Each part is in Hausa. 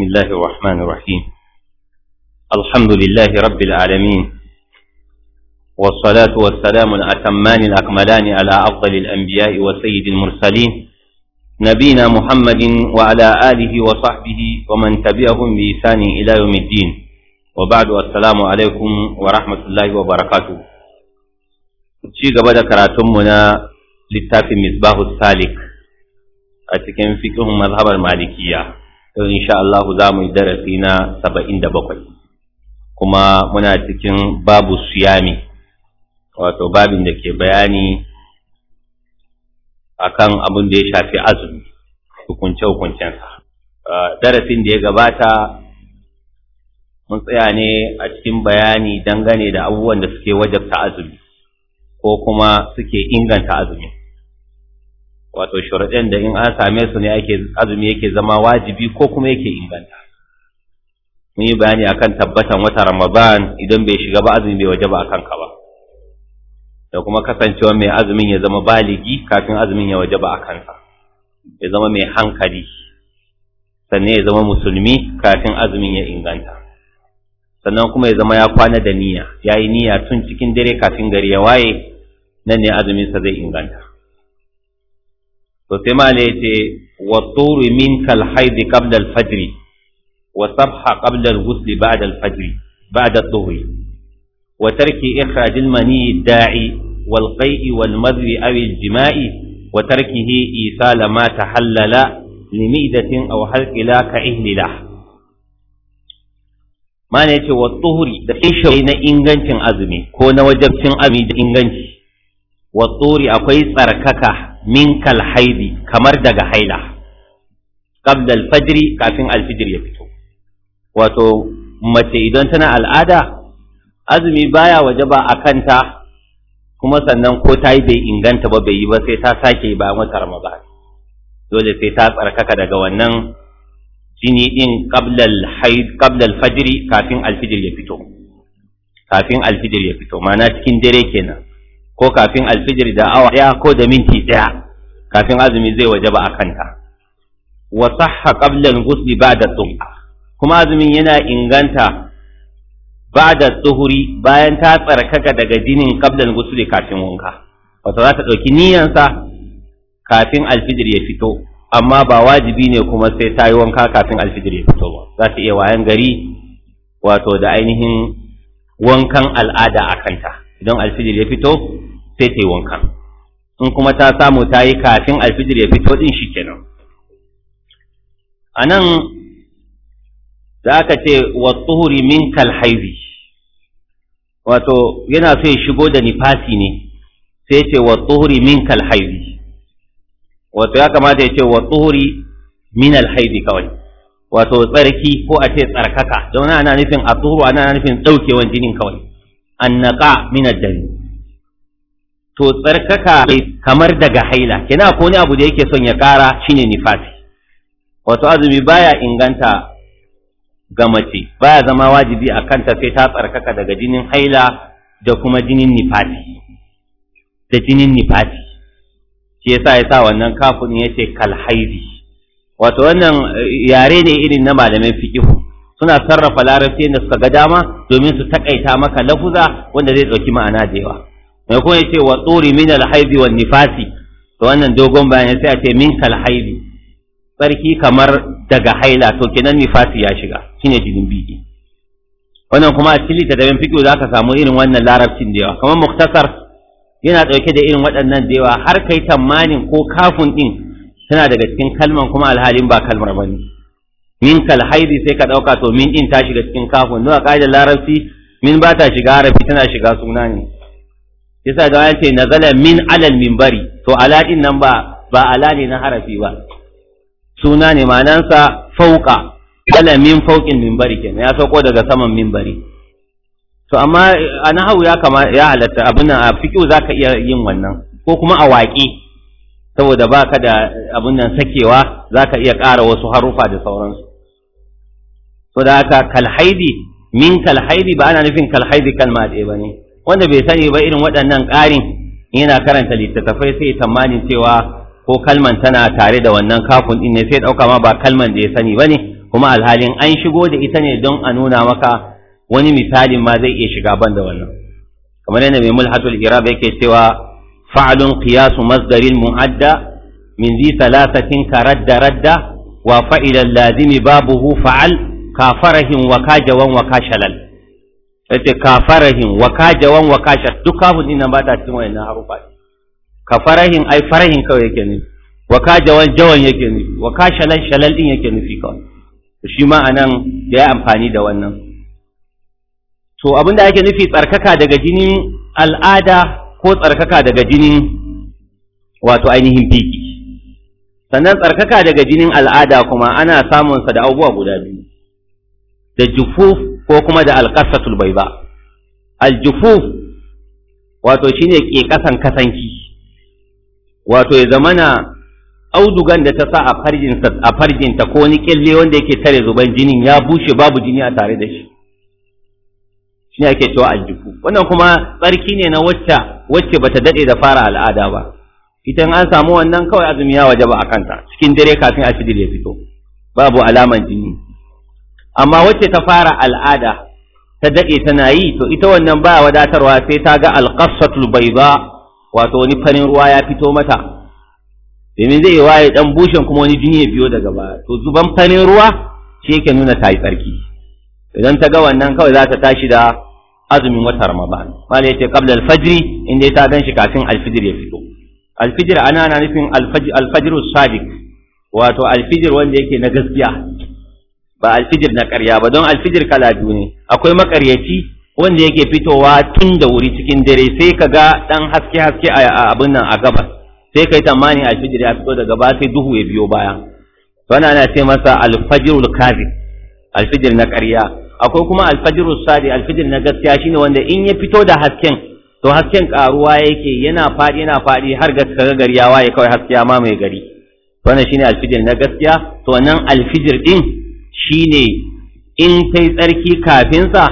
بسم الله الرحمن الرحيم الحمد لله رب العالمين والصلاة والسلام الأتمان الأكملان على أفضل الأنبياء وسيد المرسلين نبينا محمد وعلى آله وصحبه ومن تبعهم بإحسان إلى يوم الدين وبعد السلام عليكم ورحمة الله وبركاته ci gaba da karatunmu na السالك misbahu salik مذهب cikin yau sha Allah za mu yi darasi na saba'in da bakwai kuma muna cikin babu suyami wato babin da ke bayani akan abin da ya shafi azumi hukunce-hukuncensa darasin da ya gabata mun tsaya ne a cikin bayani dangane da abubuwan da suke wajabta azumi ko kuma suke inganta azumi wato sharaɗin da in an same su ne ake azumi yake zama wajibi ko kuma yake inganta mun yi bayani akan tabbatan wata ramadan idan bai shiga ba azumi bai waje ba akan ka ba da kuma kasancewa mai azumin ya zama baligi kafin azumin ya waje ba akan ka ya zama mai hankali sannan ya zama musulmi kafin azumin ya inganta sannan kuma ya zama ya kwana da niyya ya yi niyya tun cikin dare kafin gari ya waye nan ne azuminsa zai inganta to sai ma ne ce wa turu min kal haidi qabla al wa sabha qabla al ba ba'da al fajr ba'da dhuhri wa tarki ikhraj mani da'i wal qai'i wal madri aw al jima'i wa tarkihi isala ma tahallala limidatin aw ka mana yace wa tuhuri da ishe na ingancin azumi ko na wajabcin azumi da inganci wa tuhuri akwai tsarkaka min kal haidi kamar daga haila qabla al fajri kafin al fajr ya fito wato mace idan tana al'ada azumi baya wajaba a kanta kuma sannan ko ta yi bai inganta ba bai yi ba sai ta sake ba wata ramadan dole sai ta tsarkaka daga wannan jini din qabla al fajri kafin al fajr ya fito kafin al fajr ya fito ma'ana cikin dare kenan ko kafin alfijir da awa ɗaya ko da minti ɗaya kafin azumi zai wajaba a kanta wa sahha qabla al-ghusl ba'da kuma azumin yana inganta ba'da tsuhuri bayan ta tsarkaka daga jinin qabla al-ghusl kafin wanka wato za ta dauki niyyansa kafin alfijir ya fito amma ba wajibi ne kuma sai ta yi wanka kafin alfijir ya fito ba za ta iya wayan gari wato da ainihin wankan al'ada a kanta idan alfijir ya fito sai ta yi wanka in kuma ta samu ta yi kafin alfijir ya fito din shi kenan a nan za ka ce wa tsuhuri min kalhaibi wato yana so ya shigo da nifasi ne sai ce wa tsuhuri min kalhaibi wato ya kamata ya ce wa tsuhuri min alhaibi kawai wato tsarki ko a ce tsarkaka don ana nufin a tsuhuru ana nufin ɗaukewan jinin kawai annaka min addani to tsarkaka kamar daga haila kina ko wani abu da yake son ya kara shine nifasi wato azumi baya inganta ga mace baya zama wajibi a kanta sai ta tsarkaka daga jinin haila da kuma jinin nifasi da jinin nifasi shi yasa yasa wannan kafin yace kalhaidi wato wannan eh, yare ne irin na malamin fiqh suna sarrafa larabci da suka ga dama domin su takaita maka lafuza wanda zai dauki ma'ana da yawa Mai kuma ce wa tsori min alhaibi wa nifasi to wannan dogon ya sai a ce min alhaibi tsarki kamar daga haila to kenan nifasi ya shiga shine jinin biki wannan kuma a cikin littattafin fiƙo za ka samu irin wannan larabcin da yawa kamar muktasar yana ɗauke da irin waɗannan da yawa har kai tamanin ko kafin ɗin tana daga cikin kalman kuma alhalin ba kalmar ne min kalhaidi sai ka ɗauka to min ɗin ta shiga cikin kafin nawa ƙa'idar larabci min ba ta shiga harafi tana shiga suna ne yasa da ya ce nazala min alal minbari to ala din nan ba ba ala ne na harafi ba suna ne manansa fauka ala min fauqin minbari kenan ya sauko daga saman minbari to amma a nahawu ya kama ya halatta abin nan a fikiu zaka iya yin wannan ko kuma a waƙi saboda baka da abin nan sakewa zaka iya ƙara wasu harufa da sauransu to haka kalhaidi min kalhaidi ba ana nufin kalhaidi kalma ɗaya ba ne wanda bai sani ba irin waɗannan ƙarin yana karanta littattafai sai tamanin cewa ko kalman tana tare da wannan kafin din ne sai ɗauka ma ba kalman da ya sani ba ne kuma alhalin an shigo da ita ne don a nuna maka wani misalin ma zai iya shiga ban da wannan kamar yadda mai mulhatul irab yake cewa fa'alun qiyasu masdarin mu'adda min zi thalathatin ka radda radda wa fa'ilal lazimi babuhu fa'al ka farahin wa ka jawan wa ka shalal yace kafarahin wa kajawan wa kasha duk kafun din nan ba ta cikin wayannan harufa kafarahin ai farahin kawai yake ne wa kajawan jawan yake ne wa kashalan shalal din yake nufi kawai shi ma anan ya yi amfani da wannan to abin da ake nufi tsarkaka daga jinin al'ada ko tsarkaka daga jinin wato ainihin fiki sannan tsarkaka daga jinin al'ada kuma ana samunsa da abubuwa guda biyu da jufuf ko kuma da alƙasatul bai ba aljufuf wato shine ke ƙasan kasanki wato ya zamana audugan da ta sa a farjinsa a farjinta ko wani kyalle wanda yake tare zuban jinin ya bushe babu jini a tare da shi shine ake cewa aljufu wannan kuma tsarki ne na wacce wacce bata daɗe da fara al'ada ba ita an samu wannan kawai azumi ya wajaba a kanta cikin dare kafin a da ya fito babu alaman jini amma wacce ta fara al'ada ta daɗe tana yi to ita wannan ba wadatarwa sai ta ga alƙasatul bai ba wato wani farin ruwa ya fito mata domin zai yi waye ɗan bushen kuma wani jini ya biyo daga ba to zuban farin ruwa shi yake nuna ta yi tsarki idan ta ga wannan kawai za ta tashi da azumin wata ramadan wala yace qabla al-fajr inda ta gan shi kafin al ya fito al anana ana na nufin al-fajr wato al wanda yake na gaskiya ba alfijir na ƙarya ba don alfijir kala biyu ne akwai makaryaci wanda yake fitowa tun da wuri cikin dare sai ka ga ɗan haske haske a abin nan a gabas sai ka yi tamanin alfijir ya fito daga baya sai duhu ya biyo baya wani ana ce masa alfajirul kazi alfijir na ƙarya akwai kuma alfajirul sadi alfijir na gaskiya shine wanda in ya fito da hasken to hasken ƙaruwa yake yana faɗi yana faɗi har ga gari ya waye kawai haskiya ya mai gari wannan shine alfijir na gaskiya to wannan alfijir ɗin? shine in kai tsarki kafinsa,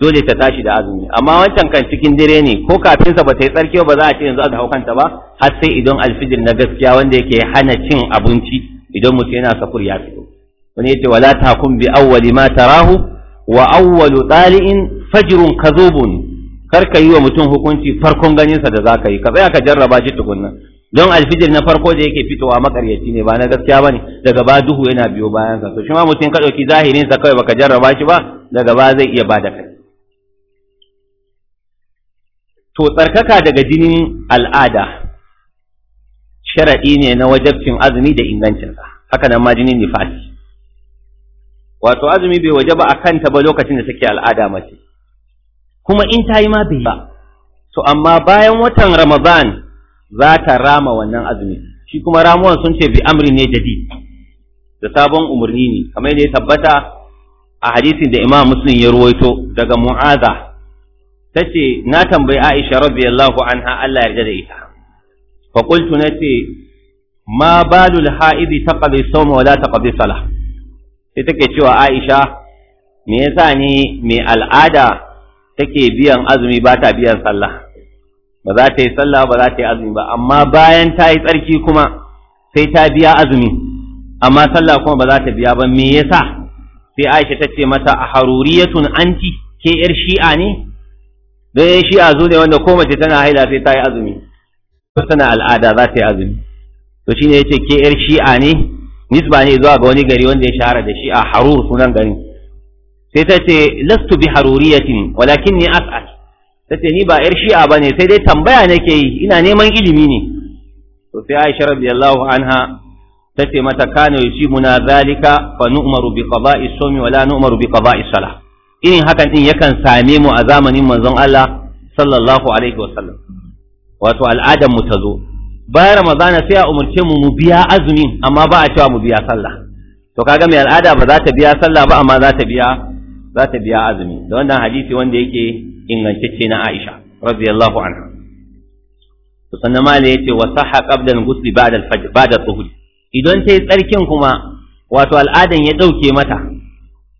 dole ta tashi da azumi amma wancan kan cikin dire ne ko kafinsa ba ta yi tsarki ba za a ce yanzu a hau kanta ba har sai idan alfijir na gaskiya wanda yake hana cin abinci idan mutum yana sakur ya fito wani yace wala takum bi awwali ma ta rahu? wa awwalu tali'in fajrun kadhubun kar ka yi wa mutum hukunci farkon ganinsa da da zaka yi ka tsaya ka jarraba shi tukunna don alfijir na farko da yake fitowa makaryaci ne ba na gaskiya bane daga ba duhu yana biyo bayan sa to shi ma mutum ka ɗauki zahirin sa kawai baka jarraba shi ba daga ba zai iya bada kai to tsarkaka daga jinin al'ada sharadi ne na wajabcin azumi da ingancin sa haka nan ma jinin nifasi wato azumi bai wajaba a kanta ba lokacin da take al'ada mace kuma in ta yi ma bai ba to amma bayan watan ramadan za ta rama wannan azumi shi kuma ramuwan sun ce bi amri ne jadid da sabon umarni ne kamar da ya tabbata a hadisin da imam muslim ya ruwaito daga mu'aza ce na tambayi aisha radiyallahu anha Allah ya yarda da ita fa qultu ce ma balul ha'idi taqdi sawma ta taqdi salah sai take cewa Aisha me yasa ne mai al'ada take biyan azumi ba ta biyan sallah ba za ta yi sallah ba za ta yi azumi ba amma bayan ta yi tsarki kuma sai ta biya azumi amma sallah kuma ba za ta biya ba me yasa sai Aisha ta ce mata a haruriyatun anti ke yar shi'a ne don yar shi'a zo ne wanda ko mace tana haila sai ta yi azumi ko tana al'ada za ta yi azumi to shine yace ke yar shi'a ne nisba ne zuwa ga wani gari wanda ya shahara da Shi'a a harur sunan garin sai ta ce lastu bi haruriyatin walakin ni as'al ta ce ni ba yar shi'a ba ne sai dai tambaya nake yi ina neman ilimi ne to sai aisha radiyallahu anha ta ce mata kana muna zalika fa nu'maru bi qada'i sawmi wala nu'maru bi qada'i salah irin hakan din yakan same mu a zamanin manzon Allah sallallahu alaihi wa sallam wato al'adan mu ta zo bayan ramadana sai a umarce mu mu biya azumin amma ba a cewa mu biya sallah to kaga mai al'ada ba za ta biya sallah ba amma za ta biya za ta biya azumi da wannan hadisi wanda yake ingantacce na Aisha radiyallahu anha to sannan mala yace wa sahha qabla al-ghusl ba'da al-fajr ba'da dhuhr idan tayi tsarkin kuma wato al'adan ya dauke mata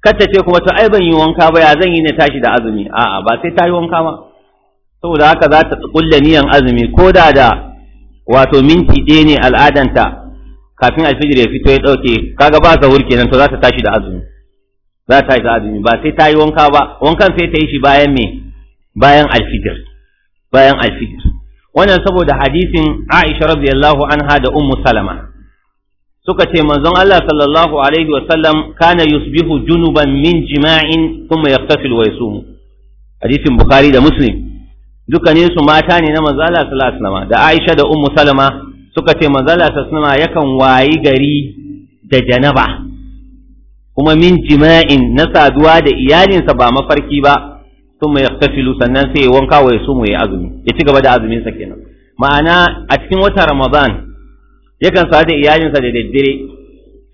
ta ce kuma to ai ban yi wanka ba ya zan yi ne tashi da azumi a'a ba sai ta yi wanka ba saboda haka za ta kulla niyan azumi ko da da wato minti ɗaya ne al'adanta kafin alfijir ya fito ya ɗauke kaga ba zahur kenan to za ta tashi da azumi za ta tashi da azumi ba sai ta yi wanka ba wankan sai ta yi shi bayan me bayan alfijir bayan alfijir wannan saboda hadisin Aisha radiyallahu anha da Ummu Salama suka ce manzon Allah sallallahu alaihi wa sallam kana yusbihu junuban min jima'in thumma yaqtasil wa yasum hadisin Bukhari da Muslim dukkanin su mata ne na manzon Allah sallallahu alaihi wasallam da Aisha da Ummu Salama suka ce manzon Allah sallallahu alaihi yakan wayi gari da janaba kuma min jima'in na saduwa da iyalinsa ba mafarki ba thumma yaqtasilu sannan sai ya wanka wa ya sumu ya azumi ya ci gaba da azumin sa kenan ma'ana a cikin wata ramadan yakan sa da iyalinsa da daddare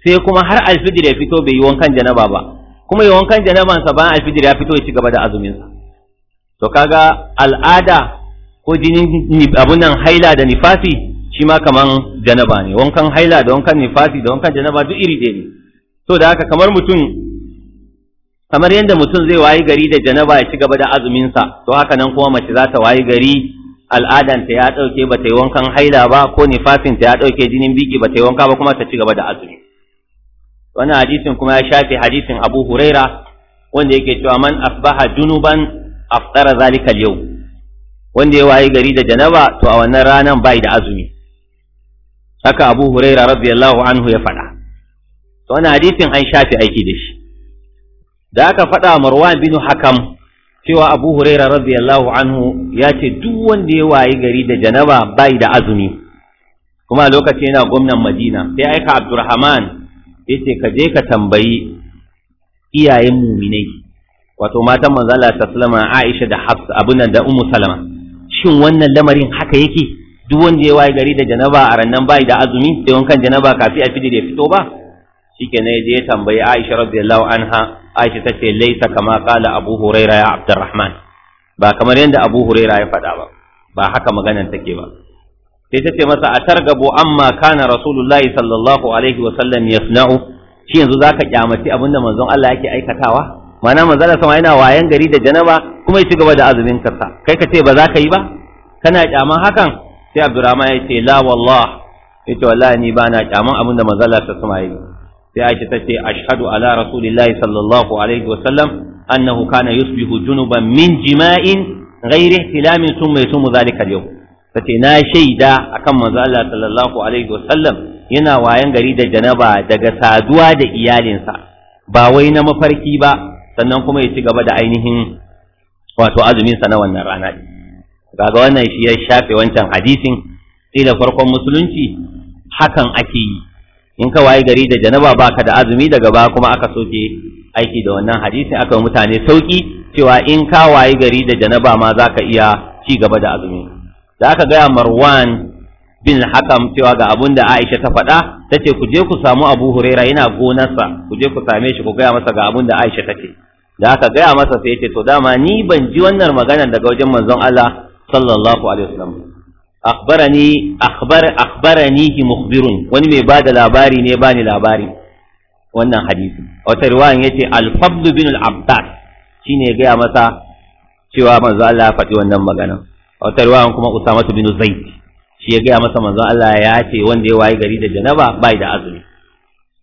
sai kuma har alfijir ya fito bai yi wankan janaba ba kuma ya wankan janaban sa bayan alfijir ya fito ya ci gaba da azumin sa to kaga al'ada ko jinin abun nan haila da nifasi shi ma kaman janaba ne wankan haila da wankan nifasi da wankan janaba duk iri ɗaya ne to da haka kamar mutum kamar yadda mutum zai wayi gari da janaba ya ci gaba da azuminsa to haka nan kuma mace za ta wayi gari al'adanta ya ɗauke ba ta yi wankan haila ba ko ta ya ɗauke jinin biki ba ta yi wanka ba kuma ta ci gaba da azumi wannan hadisin kuma ya shafe hadisin abu huraira wanda yake cewa man asbaha junuban aftara zalika yau wanda ya wayi gari da janaba to a wannan ranan bai da azumi haka abu huraira radiyallahu anhu ya faɗa to wannan hadisin an shafe aiki da shi da aka faɗa marwan bin hakam cewa abu huraira radiyallahu anhu ya ce duk wanda ya wayi gari da janaba bai da azumi kuma lokaci yana gwamnan madina sai aika abdurrahman ya ce ka je ka tambayi iyayen muminai wato matan manzala ta salama aisha da hafs abin nan da ummu salama shin wannan lamarin haka yake duk wanda ya wayi gari da janaba a rannan bai da azumi sai wankan janaba kafi a fidi da fito ba shikenan ya je ya tambayi aisha radiyallahu anha aisha ta ce laisa kama kala abu huraira ya abdurrahman ba kamar yadda abu huraira ya faɗa ba ba haka maganan take ba sai ta ce masa a targabo amma kana rasulullahi sallallahu alaihi wa sallam yasna'u shi yanzu zaka kyamaci abinda manzon Allah yake aikatawa mana manzon Allah sama yana wayan gari da janaba kuma ya ci gaba da azumin karsa kai ka ce ba za ka yi ba kana kyaman hakan sai abdurrahman ya ce la wallah ya wallahi ni ba na kyaman abinda manzon Allah sama yake sai aisha ta ce ashhadu ala rasulillahi sallallahu alaihi wa sallam annahu kana yusbihu junuban min jima'in ghairi ihtilamin thumma yasumu dhalika al-yawm tace na shaida akan manzo Allah sallallahu alaihi wa sallam yana wayan gari da janaba daga saduwa da iyalinsa ba wai na mafarki ba sannan kuma ya ci gaba da ainihin wato azumin sa na wannan rana kaga wannan shi ya shafe wancan hadisin sai da farkon musulunci hakan ake yi in ka wayi gari da janaba baka da azumi daga ba kuma aka soke aiki da wannan hadisin aka mutane sauki cewa in ka wayi gari da janaba ma zaka iya ci gaba da azumi da aka gaya marwan bin hakam cewa ga abun da aisha ta faɗa ta ce ku je ku samu abu huraira yana gonarsa ku je ku same shi ku gaya masa ga abun da aisha ta ce da aka gaya masa sai yace to dama ni ban ji wannan maganar daga wajen manzon allah sallallahu alaihi wasallam akhbarani akhbar mukhbirun wani mai bada labari ne bani labari wannan hadisi wata riwayan yace al-fadl bin al-abbas shine ya gaya masa cewa manzo Allah ya faɗi wannan magana wata riwayan kuma usama bin zaid shi ya gaya masa manzo Allah ya ce wanda ya wayi gari da janaba bai da azumi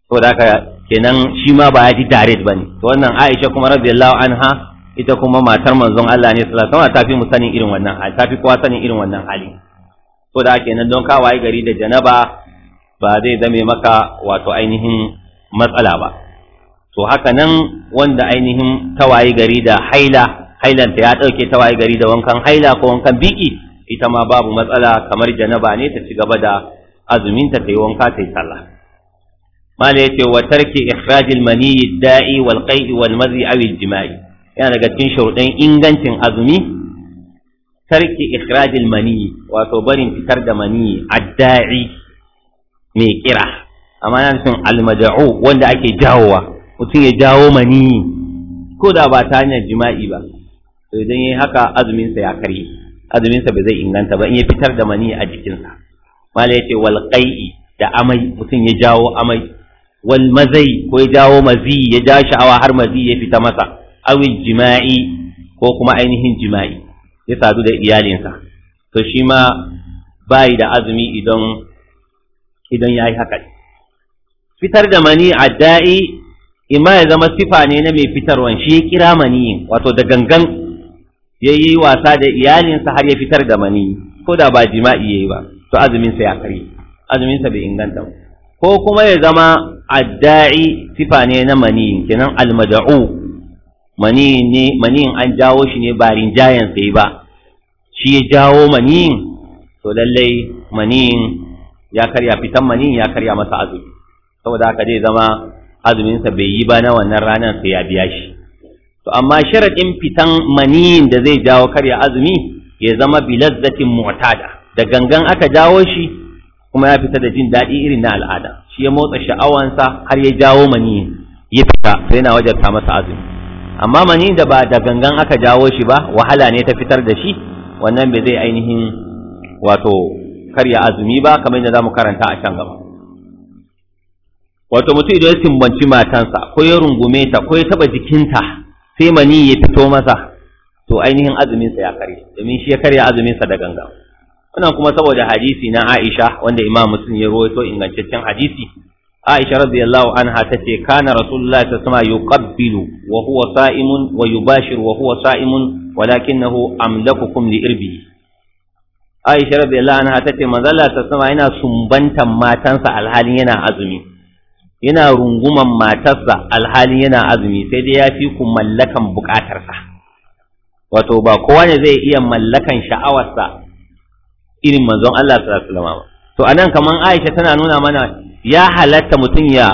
saboda haka kenan shi ma ba ya ji direct bane to wannan Aisha kuma radiyallahu anha ita kuma matar manzon Allah ne sallallahu alaihi wasallam ta fi mu sanin irin wannan hali ta fi kowa sanin irin wannan hali ko da kenan don ka waye gari da janaba ba zai zame maka wato ainihin matsala ba to haka nan wanda ainihin tawaye gari da haila hailanta ya ɗauke tawaye gari da wankan haila ko wankan biki ita ma babu matsala kamar janaba ne ta ci gaba da azuminta ta yi wanka ta yi sallah ya ce wa tarki ikhrajil maniyyi da'i wal qai'i wal mazi aw jima'i yana daga cikin shurdan ingancin azumi tarki ikhrajil mani wato barin fitar da mani adda'i mai kira amma yana nufin almaja'u wanda ake jawowa mutum ya jawo mani ko da ba ta hanyar jima'i ba to idan yayi haka azumin ya kare azumin sa ba zai inganta ba in ya fitar da mani a jikinsa mala yace wal qai'i da amai mutum ya jawo amai wal mazai ko ya jawo mazi ya ja sha'awa har mazi ya fita masa awil jima'i ko kuma ainihin jima'i ya sadu da iyalinsa to shi ma bayi da azumi idan idan ya yi haka fitar da mani a da'i imma ya zama sifa ne na mai fitarwan shi ya kira mani wato da gangan ya yi wasa da iyalinsa har ya fitar da mani ko da ba jima'i ya yi ba to azuminsa ya kare azuminsa bai inganta ko kuma ya zama adda'i sifa ne na mani kenan almada'u maniyin an jawo shi ne ba rinjayen sai ba shi ya jawo maniyin to lallai maniyin ya karya fitan maniyin ya karya masa azumi saboda haka zai zama azuminsa bai yi ba na wannan ranar sai ya biya shi to amma sharaɗin fitan maniyin da zai jawo karya azumi ya zama bilazzatin mu'tada da gangan aka jawo shi kuma ya fita da jin daɗi irin na al'ada shi ya motsa sha'awansa har ya jawo maniyin ya fita sai na wajarta masa azumi amma mani da ba da gangan aka jawo shi ba wahala ne ta fitar da shi wannan bai zai ainihin wato karya azumi ba kamar yadda zamu karanta a can gaba wato mutum idan ya timbanci matansa ko ya rungume ta ko ya taba jikinta sai mani ya fito masa to ainihin azumin sa ya karye domin shi ya karya azumin sa da gangan wannan kuma saboda hadisi na Aisha wanda Imam Muslim ya rawaito ingantaccen hadisi Aisha radiyallahu anha tace kana Rasulullahi sallallahu alaihi wasallam yuqabbilu wa huwa sa'imun wa yubashir wa huwa sa'imun walakinahu amlakukum li irbi Aisha radiyallahu anha tace manzo Allah sallallahu alaihi yana sumbantan matansa alhalin yana azumi yana runguman matarsa alhalin yana azumi sai dai ya fi ku mallakan bukatarsa wato ba kowa zai iya mallakan sha'awarsa irin manzon Allah sallallahu to anan kamar Aisha tana nuna mana ya halatta mutum ya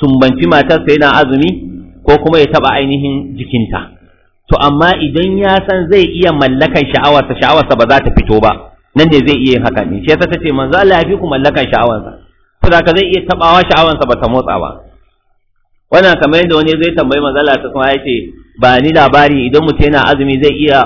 sumbanci matarsa yana azumi ko kuma ya taba ainihin jikinta to amma idan ya san zai iya mallakan sha'awarsa sha'awarsa ba za ta fito ba nan ne zai iya yin haka ne shi yasa tace manzo Allah ya fi ku mallakan sha'awarsa to da ka zai iya tabawa sha'awarsa ba ta motsa ba wannan kamar yadda wani zai tambayi manzo Allah ta kuma ce, ba ni labari idan mutum yana azumi zai iya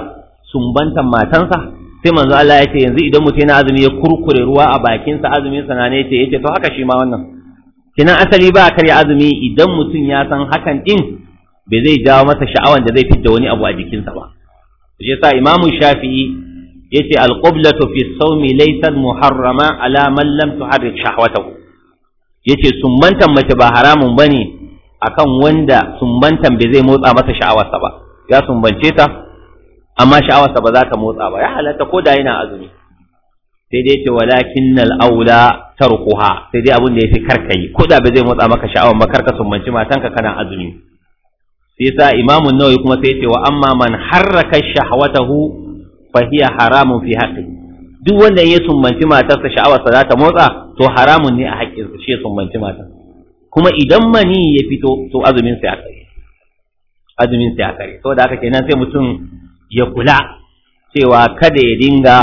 sumbantan matansa sai manzo Allah ya ce yanzu idan mutum yana azumi ya kurkure ruwa a bakinsa azumin sa ne ce yace to haka shi ma wannan kina asali ba karya azumi idan mutum ya san hakan din bai zai jawo masa sha'awan da zai fidda wani abu a jikinsa ba shi yasa imamu shafi'i yace al-qiblatu fi sawmi laysa muharrama ala man lam tuharrik shahwatahu yace sumbantan mace ba haramun bane akan wanda sumbantan bai zai motsa masa sha'awarsa ba ya sumbance ta amma sha'awarsa ba za ta motsa ba ya halatta ko da yana azumi sai dai ce walakin nal aula tarkuha sai dai abin da yake karkayi ko da ba zai motsa maka sha'awar ba karka sumbanci matanka kana azumi sai sa imamun nawawi kuma sai ce wa amma man harraka shahwatahu fa hiya haramun fi haqqi duk wanda ya sumbanci matarsa sha'awarsa za ta motsa to haramun ne a haƙƙinsa shi ya sumbanci matarsa kuma idan mani ya fito to azumin sai a kare azumin sai a kare saboda haka kenan sai mutum ya kula cewa kada ya dinga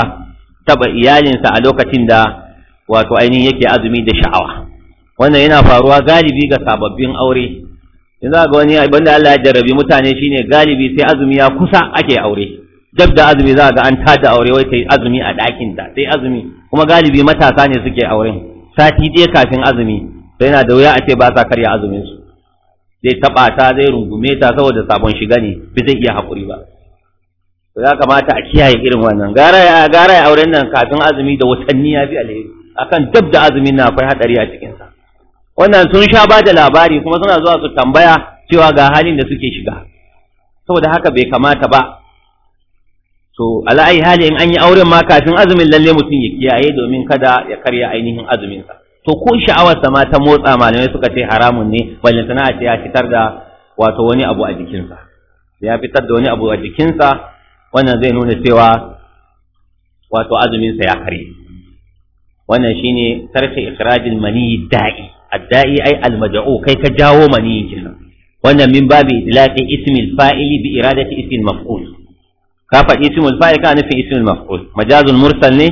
taba iyalinsa a lokacin da wato ainihin yake azumi da sha'awa wannan yana faruwa galibi ga sababbin aure in za ga wani abin da Allah ya jarrabi mutane shine galibi sai azumi ya kusa ake aure dab da azumi za ga an tada aure wai ta yi azumi a ɗakin da sai azumi kuma galibi matasa ne suke auren sati ɗaya kafin azumi sai yana da wuya a ce ba sa karya azumin su zai taɓa ta zai rungume ta saboda sabon shiga ne bai zai iya haƙuri ba to ya kamata a kiyaye irin wannan gara ya gara auren nan kafin azumi da watanni ya fi alheri akan dab da azumin na akwai hadari a cikinsa. wannan sun sha ba da labari kuma suna zuwa su tambaya cewa ga halin da suke shiga saboda haka bai kamata ba to ala'ayi hali in an yi auren ma kafin azumin lalle mutum ya kiyaye domin kada ya karya ainihin azuminsa to ko sha'awarsa ma ta motsa malamai suka ce haramun ne balle sana'a ce ya fitar da wato wani abu a jikinsa ya fitar da wani abu a jikinsa wannan zai nuna cewa wato azuminsa ya kare wannan shi shine tarka ikhrajil mani da'i adda'i ai almaj'u kai ka jawo mani kenan wannan min babi idlaqi ismil fa'ili bi iradati ismil maf'ul ka faɗi ismul fa'il ka nufi ismil maf'ul majazul mursal ne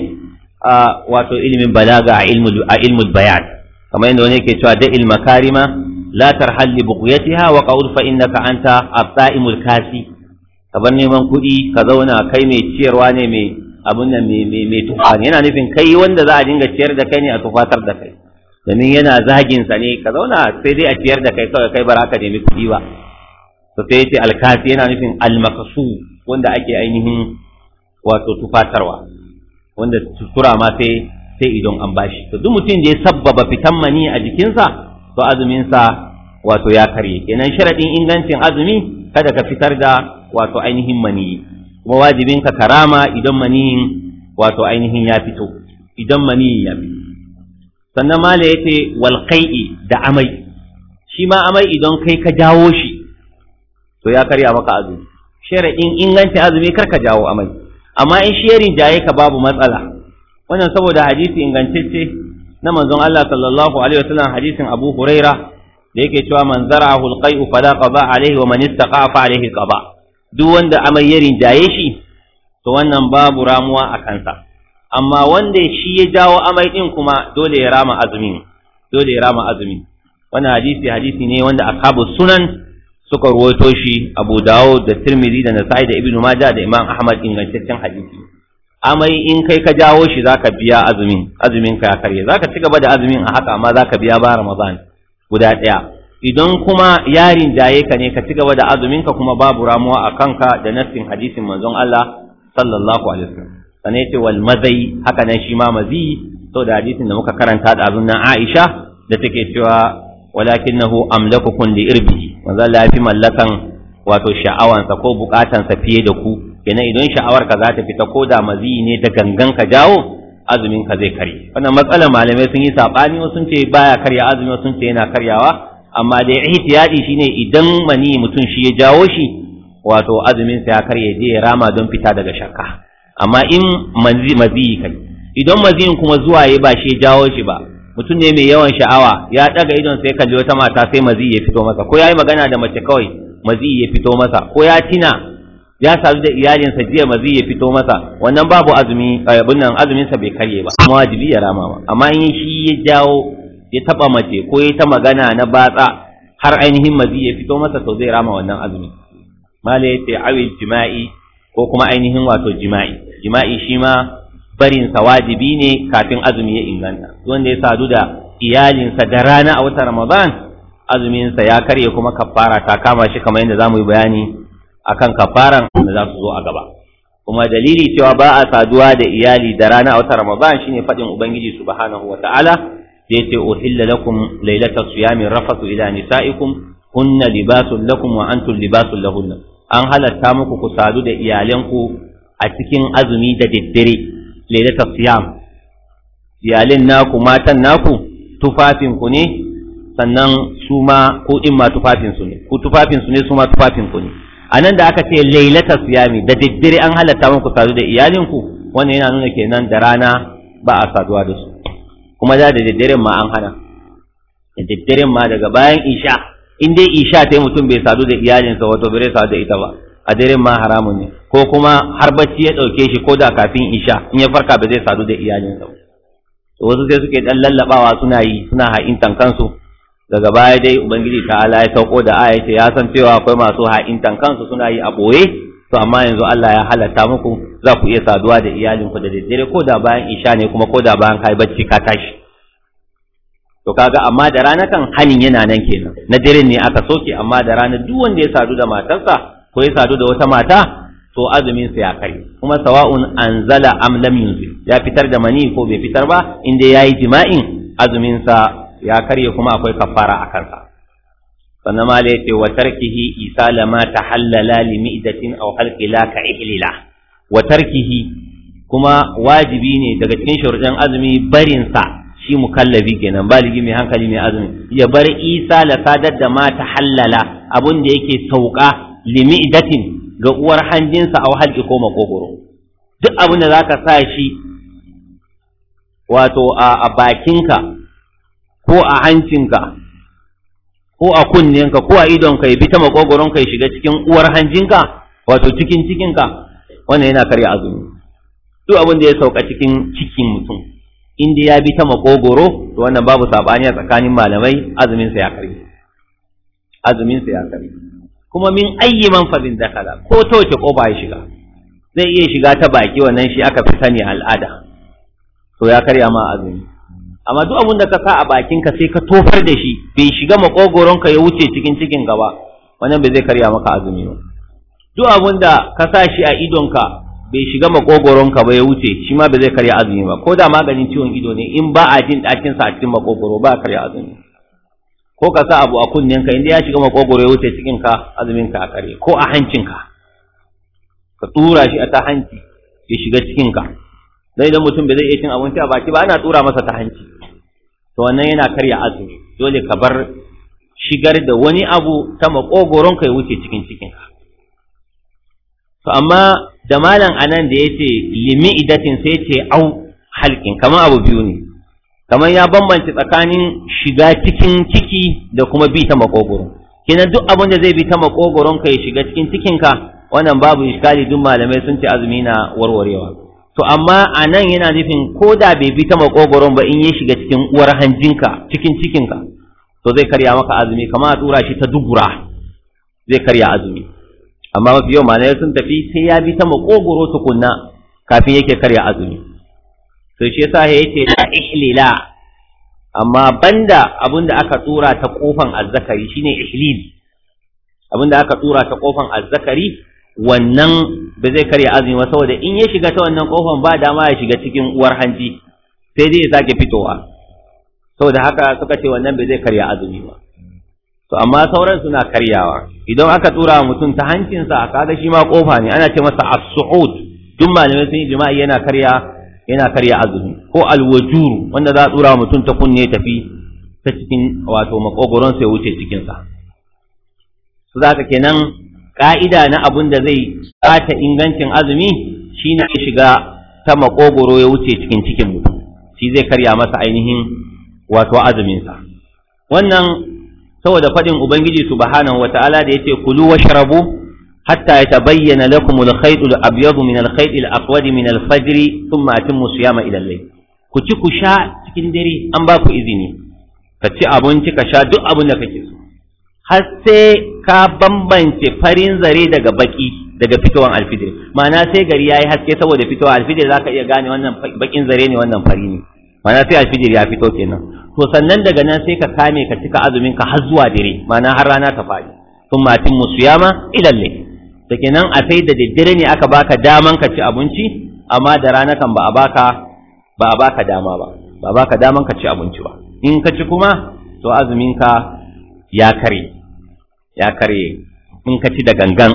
a wato ilimin balaga a ilmul bayan kamar yadda wani yake cewa da karima, la tarhal li buqyatiha wa qawl fa innaka anta at-ta'imul kasi bar neman kuɗi ka zauna kai mai ciyarwa ne mai abin nan mai tufa ne yana nufin kai wanda za a dinga ciyar da kai ne a tufatar da kai domin yana zagin sa ne ka zauna sai dai a ciyar da kai kawai kai ba ka nemi kuɗi ba to sai yace alkasi yana nufin almakasu wanda ake ainihin wato tufatarwa wanda sutura ma sai sai idan an bashi to duk mutum da ya sabbaba fitan mani a jikinsa to azumin sa wato ya karye kenan sharadin ingancin azumi kada ka fitar da wato ainihin maniyi kuma wajibin ka karama idan maniyin wato ainihin ya fito idan maniyin ya fito sannan mala yace wal qai'i da amai shi ma amai idan kai ka jawo shi to ya karya maka azumi shari'in inganta azumi kar ka jawo amai amma in shi ya rinjaye ka babu matsala wannan saboda hadisi ingantacce na manzon Allah sallallahu alaihi wasallam hadisin Abu Huraira da yake cewa man zara'ahu al-qai'u fala qada alaihi wa man istaqafa alaihi qada duk wanda amai ya rinjaye shi to wannan babu ramuwa a kansa amma wanda shi ya jawo amai din kuma dole ya rama azumin. dole ya rama azumin wannan hadisi hadisi ne wanda ashabu sunan suka ruwaito shi Abu Dawud da Tirmidhi da Nasa'i da Ibn Majah da Imam Ahmad ingantaccen hadisi amai in kai ka jawo shi zaka biya azumin azumin ka ya karye zaka ci gaba da azumin a haka amma zaka biya ba Ramadan guda ɗaya. idan kuma yarin jaye ka ne ka ci gaba da azumin ka kuma babu ramuwa a kanka da nassin hadisin manzon Allah sallallahu alaihi wasallam sanai ce wal mazai haka nan shi ma mazi to da hadisin da muka karanta da abin Aisha da take cewa walakinahu amlakukum li irbi manzo Allah ya fi mallakan wato sha'awansa ko sa fiye da ku kenan idan sha'awar ka za ta fita ko da mazi ne ta gangan ka jawo azumin ka zai kare wannan matsalar malamai sun yi sabani wasu sun ce baya karya azumi wasu sun ce yana karyawa amma da ihtiyadi shine idan mani mutum shi ya jawo shi wato azumin sa ya karye je ya rama don fita daga shakka amma in mazi mazi kai idan maziyin kuma zuwa ya ba shi ya jawo shi ba mutum ne mai yawan sha'awa ya ɗaga idon sai kalli wata mata sai mazi ya fito masa ko ya yi magana da mace kawai mazi ya fito masa ko ya tina ya sadu da iyalinsa jiya mazi ya fito masa wannan babu azumi eh, azumin sa bai karye ba kuma wajibi ya rama ba amma in shi ya jawo ya taba mace ko ya ta magana na batsa har ainihin mazi ya fito masa to zai rama wannan azumi ya yace awi jima'i ko kuma ainihin wato jima'i jima'i shi ma barin sa wajibi ne kafin azumi ya inganta wanda ya sadu da iyalinsa da rana a watan ramadan azuminsa ya karye kuma kafara ta kama shi kamar yadda zamu yi bayani akan kafaran da za su zo a gaba kuma dalili cewa ba a saduwa da iyali da rana a watan ramadan shine faɗin ubangiji subhanahu wataala sai ce uhilla lakum lailatal siyami rafasu ila nisaikum hunna libasun lakum wa antum libasun lahunna an halatta muku ku sadu da iyalanku a cikin azumi da daddare lailatal siyam iyalin naku matan naku tufafin ku ne sannan su ma ko din ma tufafin su ne ku tufafin su ne su ma tufafin ku ne anan da aka ce lailata siyami da daddare an halatta muku sadu da iyalinku wannan yana nuna kenan da rana ba a saduwa da su kuma za da daddaren ma an hana da daddaren ma daga bayan isha in dai isha ta mutum bai sadu da iyalinsa wato bai sadu da ita ba a daren ma haramun ne ko kuma har bacci ya ɗauke shi ko da kafin isha in ya farka ba zai sadu da iyalinsa ba to wasu sai suke dan lallabawa suna yi suna ha'intan kansu daga baya dai ubangiji ta'ala ya sauko da aya ya san cewa akwai masu ha'intan kansu suna yi a boye to amma yanzu Allah ya halatta muku za ku iya saduwa da iyalinku da daddare ko da bayan isha ne kuma ko da bayan kai bacci ka tashi to kaga amma da ranar kan hanin yana nan kenan na dare ne aka soke amma da rana duk wanda ya sadu da matarsa ko ya sadu da wata mata to azumin sa ya kare kuma sawa'un anzala am lam yunzil ya fitar da mani ko bai fitar ba inda yayi jima'in azumin sa ya karye kuma akwai kafara a kansa sannan ma da wa tarkihi isalama ma tahallala limidatin mi'datin aw halqi la ka ihlila wa tarkihi kuma wajibi ne daga cikin sharuɗin azumi barinsa shi mukallafi kenan baligi mai hankali mai azumi ya bar isa la sadar da mata hallala abun da yake sauka limidatin ga uwar hanjinsa a halki ko makogoro duk abin da zaka sa shi wato a bakinka ko a hancinka ko a kunnenka ko a idonka ya bi ta makogoronka ya shiga cikin uwar hanjinka wato cikin cikinka wannan yana karya azumi duk abin da ya sauka cikin cikin mutum in ya bi ta makogoro to wannan babu sabani a tsakanin malamai azumin sa ya karye azumin sa ya karye kuma min ayyi manfadin dakala ko ta wace ko ya shiga zai iya shiga ta baki wannan shi aka fi sani al'ada to ya karya ma azumi amma duk abin da ka sa a bakin ka, sai ka tofar da shi bai shiga ka ya wuce cikin cikin gaba wannan bai zai karya maka azumi ba duk abin da ka sa shi a idonka bai shiga makogoronka ba ya wuce shi ma ba zai karya azumi ba ko da maganin ciwon ido ne in ba a jin ɗakin sa a cikin makogoro ba karya azumi ko ka sa abu a kunnen ka inda ya shiga makogoro ya wuce cikin ka azumin ka a kare ko a hancin ka ka tura shi a ta hanci ya shiga cikin ka dan idan mutum bai zai iya cin abinci a baki ba ana tura masa ta hanci to wannan yana karya azumi dole ka bar shigar da wani abu ta makogoron ka ya wuce cikin cikin to amma da malam anan da ya ce limi idatin sai ce au halkin kamar abu biyu ne kamar ya bambance tsakanin shiga cikin ciki da kuma bi ta makogoro kenan duk abin da zai bi ta makogoron ka ya shiga cikin cikinka wannan babu iskali duk malamai sun ce azumi na warwarewa to amma a nan yana nufin ko da bai bi ta makogoron ba in ya shiga cikin uwar hanjinka cikin cikinka to zai karya maka azumi kamar a tura shi ta dubura zai karya azumi amma mafi yau ma'anar sun tafi sai ya bi ta kogoro tukunna kafin yake karya azumi to shi yasa ya ce la ihlila amma banda abinda aka tsura ta kofan azzakari shine ihlil abinda aka tsura ta kofan azzakari wannan ba zai karya azumi ba saboda in ya shiga ta wannan kofan ba dama ya shiga cikin uwar hanji sai dai ya sake fitowa saboda haka suka ce wannan ba zai karya azumi ba to amma sauran suna karyawa idan aka tura mutum ta a kaga shi ma kofa ne ana ce masa as-su'ud duk malamai sun jima'i yana karya yana karya azumi ko al-wujur wanda za a tura mutum ta kunne tafi ta cikin wato makogoron sai wuce cikin sa su zaka kenan ka'ida na abun da zai bata ingancin azumi shine ya shiga ta makogoro ya wuce cikin cikin mutum shi zai karya masa ainihin wato azumin sa wannan saboda faɗin ubangiji subhanahu ta'ala da yace kulu washrabu حتى يتبين لكم الخيط الأبيض من min alfajiri. من الفجر ثم أتموا الصيام ku ci ku sha cikin dare an ba ku izini ka ci abinci ka sha duk abin da kake so har sai ka bambance farin zare daga baki daga fitowar alfijir ma'ana sai gari ya yi haske saboda fitowar alfijir ka iya gane wannan bakin zare ne wannan fari ne mana sai alfijir ya fito kenan to sannan daga nan sai ka kame ka cika azumin ka har zuwa dare mana har rana ta faɗi sun matin musuyama ilalle da kenan a sai da daddare ne aka baka daman ka ci abinci amma da rana kan ba a baka ba a baka dama ba ba baka daman ka ci abinci ba in ka ci kuma to azumin ka ya kare ya kare in ka ci da gangan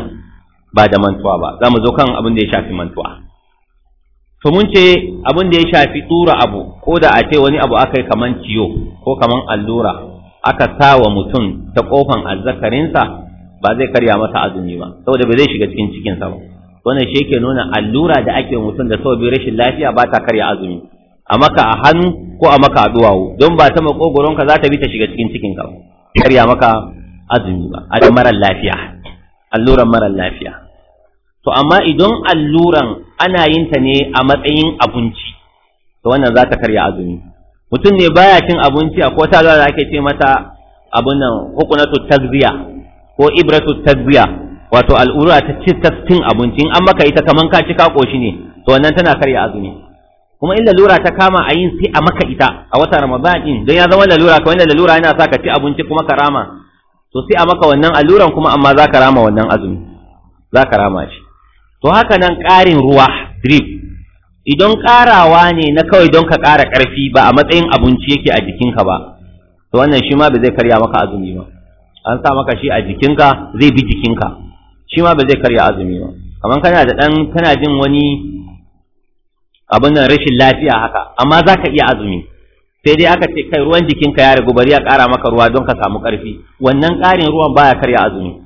ba da mantuwa ba za mu zo kan abin da ya shafi mantuwa to mun ce abin da ya shafi tura abu ko da a ce wani abu aka yi kaman ciyo ko kamar allura aka sa wa mutum ta kofan azzakarinsa ba zai karya masa azumi ba saboda ba zai shiga cikin cikinsa ba wannan shi yake nuna allura da ake mutum da saboda rashin lafiya ba ta karya azumi a maka a hannu ko a maka a duwawu don ba ta makogoronka za ta bi ta shiga cikin cikinka ba karya maka azumi ba a da marar lafiya alluran marar lafiya to amma idan alluran ana yin ta ne a matsayin abinci to wannan za ta karya azumi mutum ne baya cin abinci a ko ta da ake ce mata abun nan hukunatu tagziya ko ibratu tagziya wato al'ura ta ci ta cin abinci in an maka ita kaman ka ci ka koshi ne to wannan tana karya azumi kuma in lalura ta kama a yin sai a maka ita a wata ramadan din don ya zama lalura da lalura yana sa ka ci abinci kuma ka rama to sai a maka wannan alluran kuma amma za ka rama wannan azumi za ka rama shi to haka nan ƙarin ruwa drip idan ƙarawa ne na kawai don ka ƙara ƙarfi ba a matsayin abinci yake a jikinka ba to wannan shi ma ba zai karya maka azumi ba an sa maka shi a jikinka zai bi jikinka shi ma ba zai karya azumi ba kamar kana da ɗan kana jin wani abin nan rashin lafiya haka amma za ka iya azumi sai dai aka ce kai ruwan jikinka ya ragu bari ya ƙara maka ruwa don ka samu ƙarfi wannan ƙarin ruwan baya karya azumi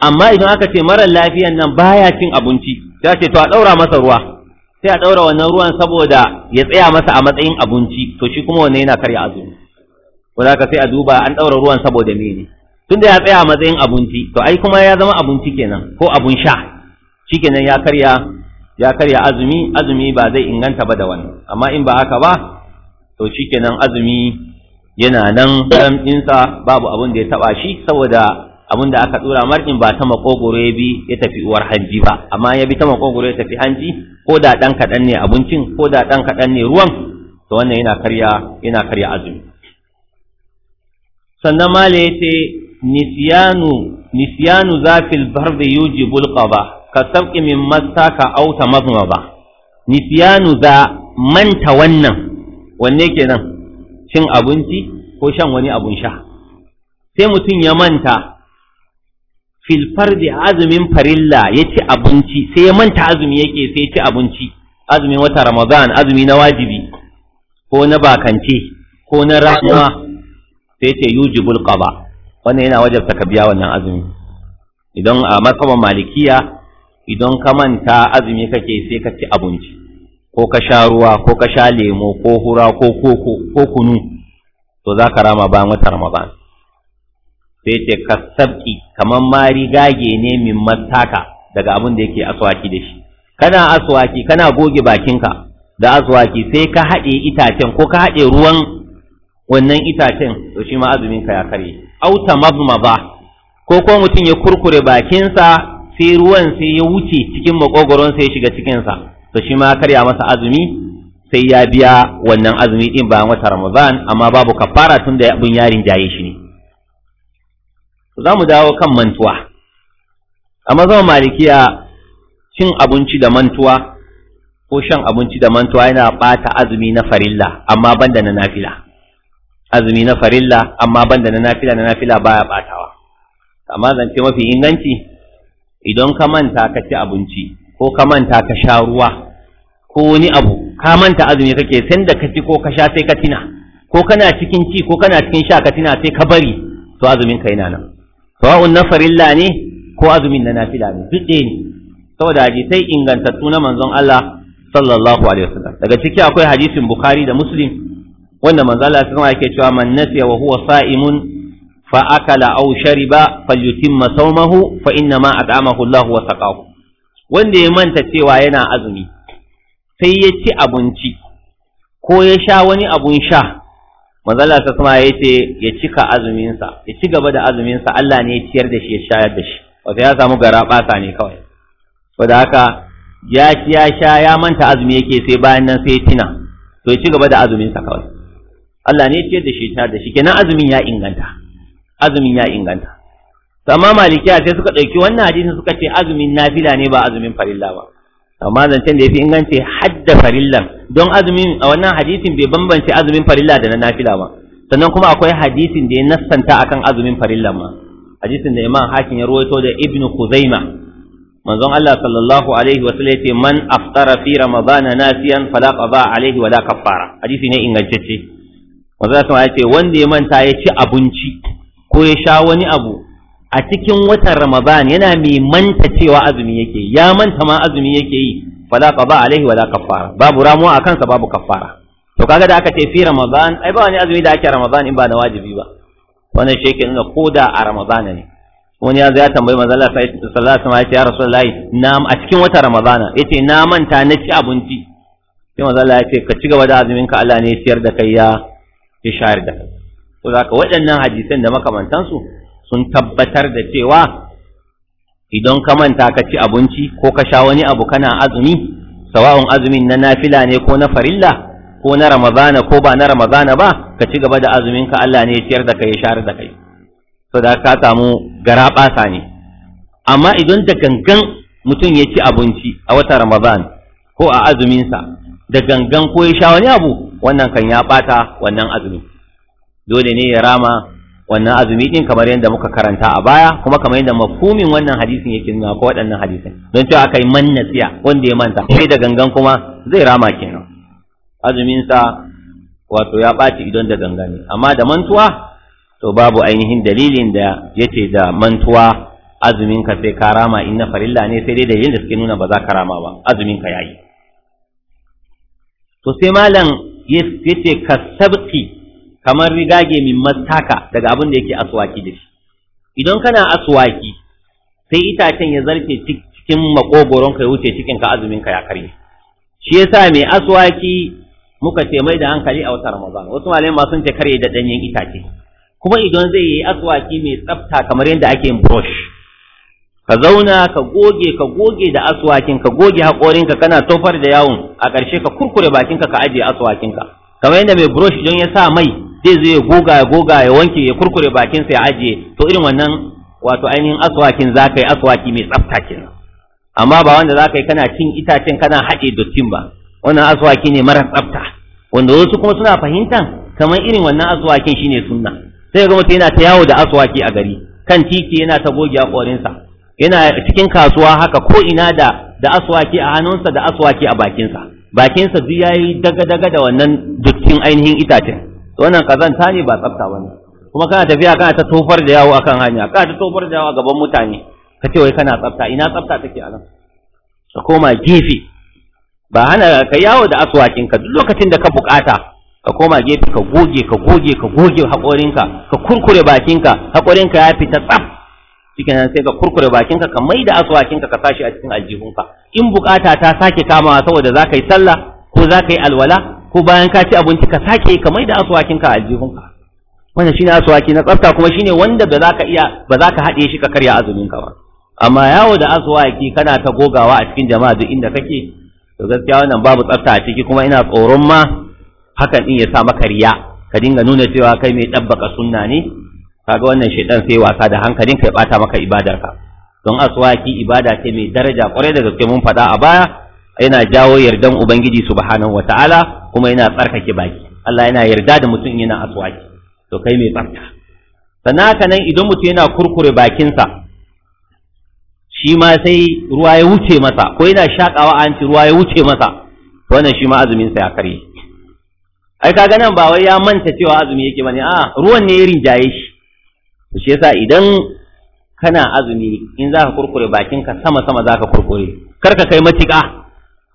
amma idan aka ce mara lafiyan nan baya cin abinci ta ce to a ɗaura masa ruwa sai a ɗaura wannan ruwan saboda ya tsaya masa a matsayin abinci to shi kuma wannan yana karya azumi ko za ka sai a duba an ɗaura ruwan saboda mene Tunda ya tsaya a matsayin abinci to ai kuma ya zama abinci kenan ko abun sha shikenan ya karya ya karya azumi azumi ba zai inganta ba da wannan amma in ba haka ba to shikenan azumi yana nan ɗinsa babu abin da ya taba shi saboda abin da aka dora marɗin ba ta makogoro ya bi ya tafi uwar hanji ba amma ya bi ta makogoro ya tafi hanji ko da ɗan kaɗan ne abincin ko da ɗan kaɗan ne ruwan to wannan yana karya yana karya azumi sannan Male ya ce nisyanu nisyanu zafil bardi yujibul qaba ka sabqi min mastaka aw tamazmaba nisyanu za manta wannan wanne kenan cin abinci ko shan wani abun sha sai mutum ya manta fil fardi azumin farilla ya ci abinci sai ya manta azumi yake sai ya ci abinci azumin wata ramadan azumi na wajibi ko na bakance ko na rana sai ce yujibul qada wannan yana wajabta ka biya wannan azumi idan a masaban malikiya idan ka manta azumi kake sai ka ci abinci ko ka sha ruwa ko ka sha lemo ko hura ko koko ko kunu to za ka rama bayan wata ramadan sai ce kasabki kamar ma rigage ne min mataka daga abin da yake aswaki da shi kana aswaki kana goge bakinka da aswaki sai ka haɗe itacen ko ka haɗe ruwan wannan itacen to shi ma azumin ya karye auta ba. ko ko mutum ya kurkure bakinsa sai ruwan sai ya wuce cikin makogoron sai ya shiga cikinsa to shi ma karya masa azumi sai ya biya wannan azumi din bayan wata ramadan amma babu kafara tunda abin yarin jaye shi ne za mu dawo kan mantuwa a mazan malikiya cin abinci da mantuwa ko shan abinci da mantuwa yana bata azumi na farilla amma banda na nafila azumi na farilla amma banda na nafila na nafila baya batawa amma zance mafi inganci idan ka manta ka ci abinci ko ka manta ka sha ruwa ko wani abu ka manta azumi kake sai da ka ci ko ka sha sai ka tina ko kana cikin ci ko kana cikin sha ka tina sai ka bari to azumin ka yana nan sawa'un na farilla ne ko azumin na nafila ne duk ɗaya ne saboda hadisai ingantattu na manzon Allah sallallahu alaihi wasallam daga ciki akwai hadisin Bukhari da Muslim wanda manzon Allah sallallahu alaihi yake cewa man nasiya wa huwa sa'imun fa akala aw shariba falyutimma sawmahu fa inna ma at'amahu Allah wa saqahu wanda ya manta cewa yana azumi sai ya ci abinci ko ya sha wani abun sha manzala ta sama ya ce ya cika azuminsa ya ci gaba da azuminsa Allah ne ya ciyar da shi ya shayar da shi wato ya samu gara ɓata ne kawai saboda haka ya ci ya sha ya manta azumi yake sai bayan nan sai tina to ya ci gaba da azuminsa kawai Allah ne ya ciyar da shi ya shayar da shi kenan azumin ya inganta azumin ya inganta to amma malikiya sai suka ɗauki wannan hadisin suka ce azumin nafila ne ba azumin farilla ba amma zancen da ya fi inganci hadda farillan don azumin a wannan hadisin bai bambance azumin farilla da na nafila ba sannan kuma akwai hadisin da ya nassanta akan azumin farillan ma hadisin da imam hakim ya ruwaito da ibn kuzaima manzon Allah sallallahu alaihi wa sallam yace man aftara fi ramadana nasiyan fala qada alaihi wa la kaffara hadisi ne ingantacce manzon Allah ce wanda ya manta ya ci abinci ko ya sha wani abu a cikin watan ramadan yana mai manta cewa azumi yake ya manta ma azumi yake yi fala qada alaihi wala kafara. babu ramuwa akan sa babu kafara. to kaga da aka ce fi ramadan ai ba wani azumi da ake ramadan in ba na wajibi ba wannan shi yake nuna koda a ramadan ne wani ya ya tambayi manzo Allah sallallahu alaihi wasallam ya rasulullahi na a cikin watan ramadan yace na manta na ci abinci sai manzo Allah ya ce ka ci gaba da azumin ka Allah ne ya ciyar da kai ya ya shayar da kai ko zaka waɗannan hadisan da su sun tabbatar da cewa idan ka manta ka ci abinci ko ka sha wani abu kana azumi sawa'un azumin na nafila ne ko na farilla ko na ramadana ko ba na ramadana ba ka ci gaba da azumin ka Allah ne ya ciyar da kai ya shar da kai so da ka samu gara basa ne amma idan da gangan mutum ya ci abinci a wata ramadan ko a azuminsa da gangan ko ya sha wani abu wannan kan ya bata wannan azumin dole ne ya rama wannan azumi din kamar yadda muka karanta a baya kuma kamar yadda mafhumin wannan hadisin yake nuna ko waɗannan hadisin don cewa aka yi man nasiya wanda ya manta sai da gangan kuma zai rama kenan azumin sa wato ya ɓaci idan da gangan amma da mantuwa to babu ainihin dalilin da yace da mantuwa azumin ka sai ka rama in farilla ne sai dai dalilin da suke nuna ba za ka rama ba azumin ka yayi to sai malam yace ka sabqi kamar rigage min mastaka daga abin da yake aswaki da shi idan kana aswaki sai itacen ya zarfe cikin makogoron ka ya wuce cikin ka azumin ka ya karye shi yasa mai aswaki muka ce mai da hankali a wata ramadan wasu malamai ma sun ce karye da danyen itace kuma idan zai yi aswaki mai tsafta kamar yadda ake yin brush ka zauna ka goge ka goge da aswakin ka goge haƙorinka kana tofar da yawon a ƙarshe ka kurkure bakinka ka ajiye aswakin ka. kamar yadda mai brush don ya sa mai zai zo ya goga ya goga ya wanke ya kurkure bakinsa ya ajiye to irin wannan wato ainihin aswakin za ka yi aswaki mai tsafta kenan amma ba wanda za ka yi kana cin itacen kana haɗe dottin ba wannan aswaki ne mara tsafta wanda wasu kuma suna fahimtan kamar irin wannan aswakin shine sunna sai ga mutum yana ta yawo da aswaki a gari kan titi yana ta goge haƙorinsa yana cikin kasuwa haka ko ina da da aswaki a hannunsa da aswaki a bakinsa bakinsa duk yayi daga daga da wannan dottin ainihin itacen wannan kazanta ne ba tsafta ne kuma kana tafiya kana ta tofar da yawo akan hanya kana ta tofar da yawo gaban mutane ka ce wai kana tsafta ina tsafta take a nan ka koma gefe ba hana ka yawo da aswakinka duk lokacin da ka bukata ka koma gefe ka goge ka goge ka goge haƙorinka ka kurkure bakinka haƙorinka ya fita tsaf cikin sai ka kurkure bakinka ka mai da aswakinka ka sashi a cikin aljihunka in bukata ta sake kamawa saboda za ka yi sallah ko za ka yi alwala ko bayan ka ci abinci ka sake ka maida aswakin ka ka wannan shine aswaki na tsafta kuma shine wanda ba za ka iya ba za ka haɗe shi ka karya azumin ka ba amma yawo da aswaki kana ta gogawa a cikin jama'a duk inda kake to gaskiya wannan babu tsafta a ciki kuma ina tsoron ma hakan din ya sa maka riya ka dinga nuna cewa kai mai dabbaka sunna ne kaga wannan shaitan sai wasa da hankalin ka ya bata maka ibadar ka don aswaki ibada ce mai daraja kwarai da gaske mun faɗa a baya yana jawo yardan ubangiji subhanahu wataala kuma yana tsarkake baki Allah yana yarda da mutum yana aswaki to kai mai tsarka sannan haka nan idan mutum yana kurkure bakinsa shi ma sai ruwa ya wuce masa ko yana shakawa a hanci ruwa ya wuce masa wannan shi ma azumin sa ya karye ai kaga nan ba wai ya manta cewa azumi yake bane a ruwan ne ya rinjaye shi to shi yasa idan kana azumi in zaka kurkure bakinka sama sama zaka kurkure kar ka kai matiƙa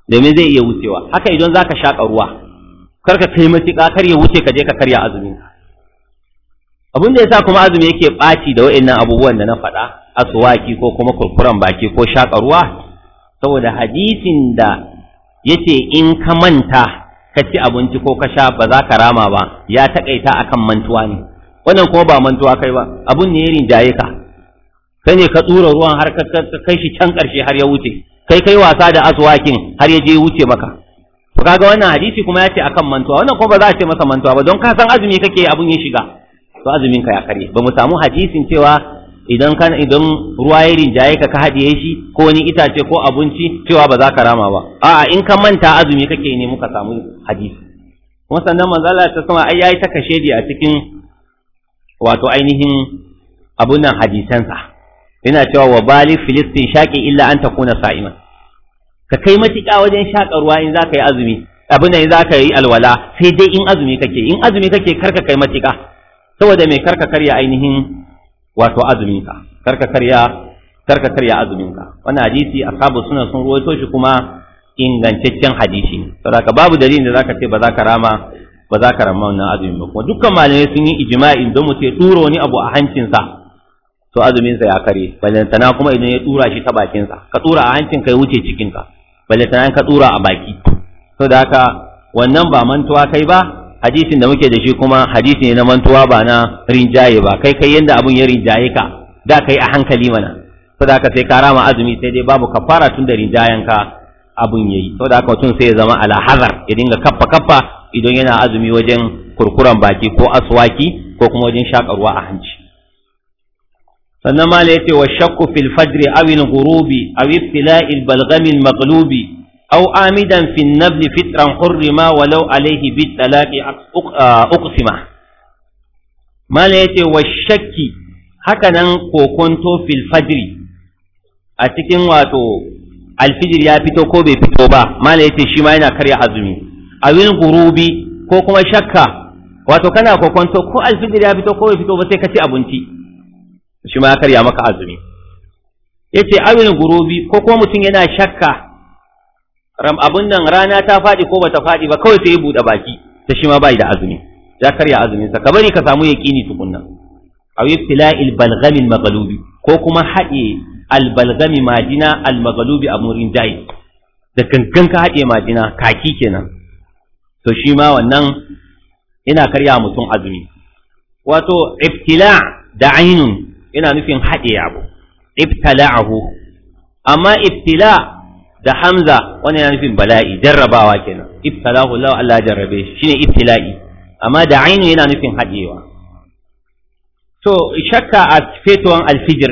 domin zai iya wucewa haka idan zaka shaka ruwa Karka ka kai matuƙa kar ya wuce ka je ka karya azumin abin da yasa kuma azumi yake ɓaci da wa'annan abubuwan da na faɗa aswaki ko kuma kurkuran baki ko ruwa saboda hadisin da yace in ka manta ka ci abinci ko ka sha ba za ka rama ba ya takaita akan mantuwa ne wannan kuma ba mantuwa kai ba abun ne ya rinjaye ka kai ne ka tsura ruwan har ka kai shi can ƙarshe har ya wuce kai kai wasa da aswakin har ya je wuce maka to kaga wannan hadisi kuma yace ce akan mantuwa wannan kuma ba za a ce masa mantuwa ba don ka san azumi kake abun ya shiga to azumin ka ya kare ba mu samu hadisin cewa idan kan idan ruwa ya rinjaye ka ka hadiye shi ko wani itace ko abinci cewa ba za ka rama ba a'a in ka manta azumi kake ne muka samu hadisi kuma sannan manzo ta sama ai yayi ta kashe a cikin wato ainihin abun nan hadisansa yana cewa wa bali filistin shaqi illa an takuna sa'iman ka kai matuƙa wajen shaƙa ruwa in za ka yi azumi abin da in za ka yi alwala sai dai in azumi kake in azumi kake karka kai matuƙa saboda mai karka karya ainihin wato azuminka karka karya karka karya azuminka wannan hadisi ashabu sunan sun ruwaito shi kuma ingantaccen hadisi ne saboda babu dalilin da za ka ce ba za ka rama ba za ka rama wannan azumin ba kuma dukkan malamai sun yi ijma'in don mu ce turo wani abu a hancinsa to azuminsa ya kare balantana kuma idan ya tura shi ta bakinsa ka tura a hancin kai wuce cikinka balle tana ka tsura a baki so da haka wannan ba mantuwa kai ba hadisin da muke da shi kuma hadisi ne na mantuwa ba na rinjaye ba kai kai yanda abun ya rinjaye ka da kai a hankali mana so da haka sai ka rama azumi sai dai babu kafara tun da rinjayen ka abun yayi so da haka mutum sai ya zama ala hazar ya dinga kaffa kaffa idan yana azumi wajen kurkuran baki ko aswaki ko kuma wajen shakarwa a hanci sannan ma la yace wa shakku fil fajri aw al ghurubi aw ibtila'i al balghami al maghlubi aw amidan fi nabli fitran hurrima walau alayhi bit talaqi uqsima ma la yace wa shakki hakanan kokonto fil fajri a cikin wato alfijir ya fito ko bai fito ba mala yace shi ma yana karya azumi awil gurubi ko kuma shakka wato kana kokonto ko alfijir ya fito ko bai fito ba sai ka ci abinci shi ma ya karya maka azumi yace awil Gurobi ko ko mutum yana shakka ram abun nan rana ta faɗi ko bata faɗi ba kawai sai ya buɗe baki ta shi ma bai da azumi ya karya azuminsa. ka bari ka samu yaqini tukunna aw ibtila'il balghami al-maghlubi ko kuma haɗe al-balghami majina al-maghlubi Amurin dai da gangan ka haɗe majina kaki kenan to shi ma wannan ina karya mutum azumi wato Iftila da ainun yana nufin haɗe abu ibtala'ahu amma ibtila da hamza wani yana nufin bala'i jarrabawa kenan ibtala'ahu Allah Allah jarrabe shi shine ibtila'i amma da ainu yana nufin haɗewa to shakka a fetowar alfijir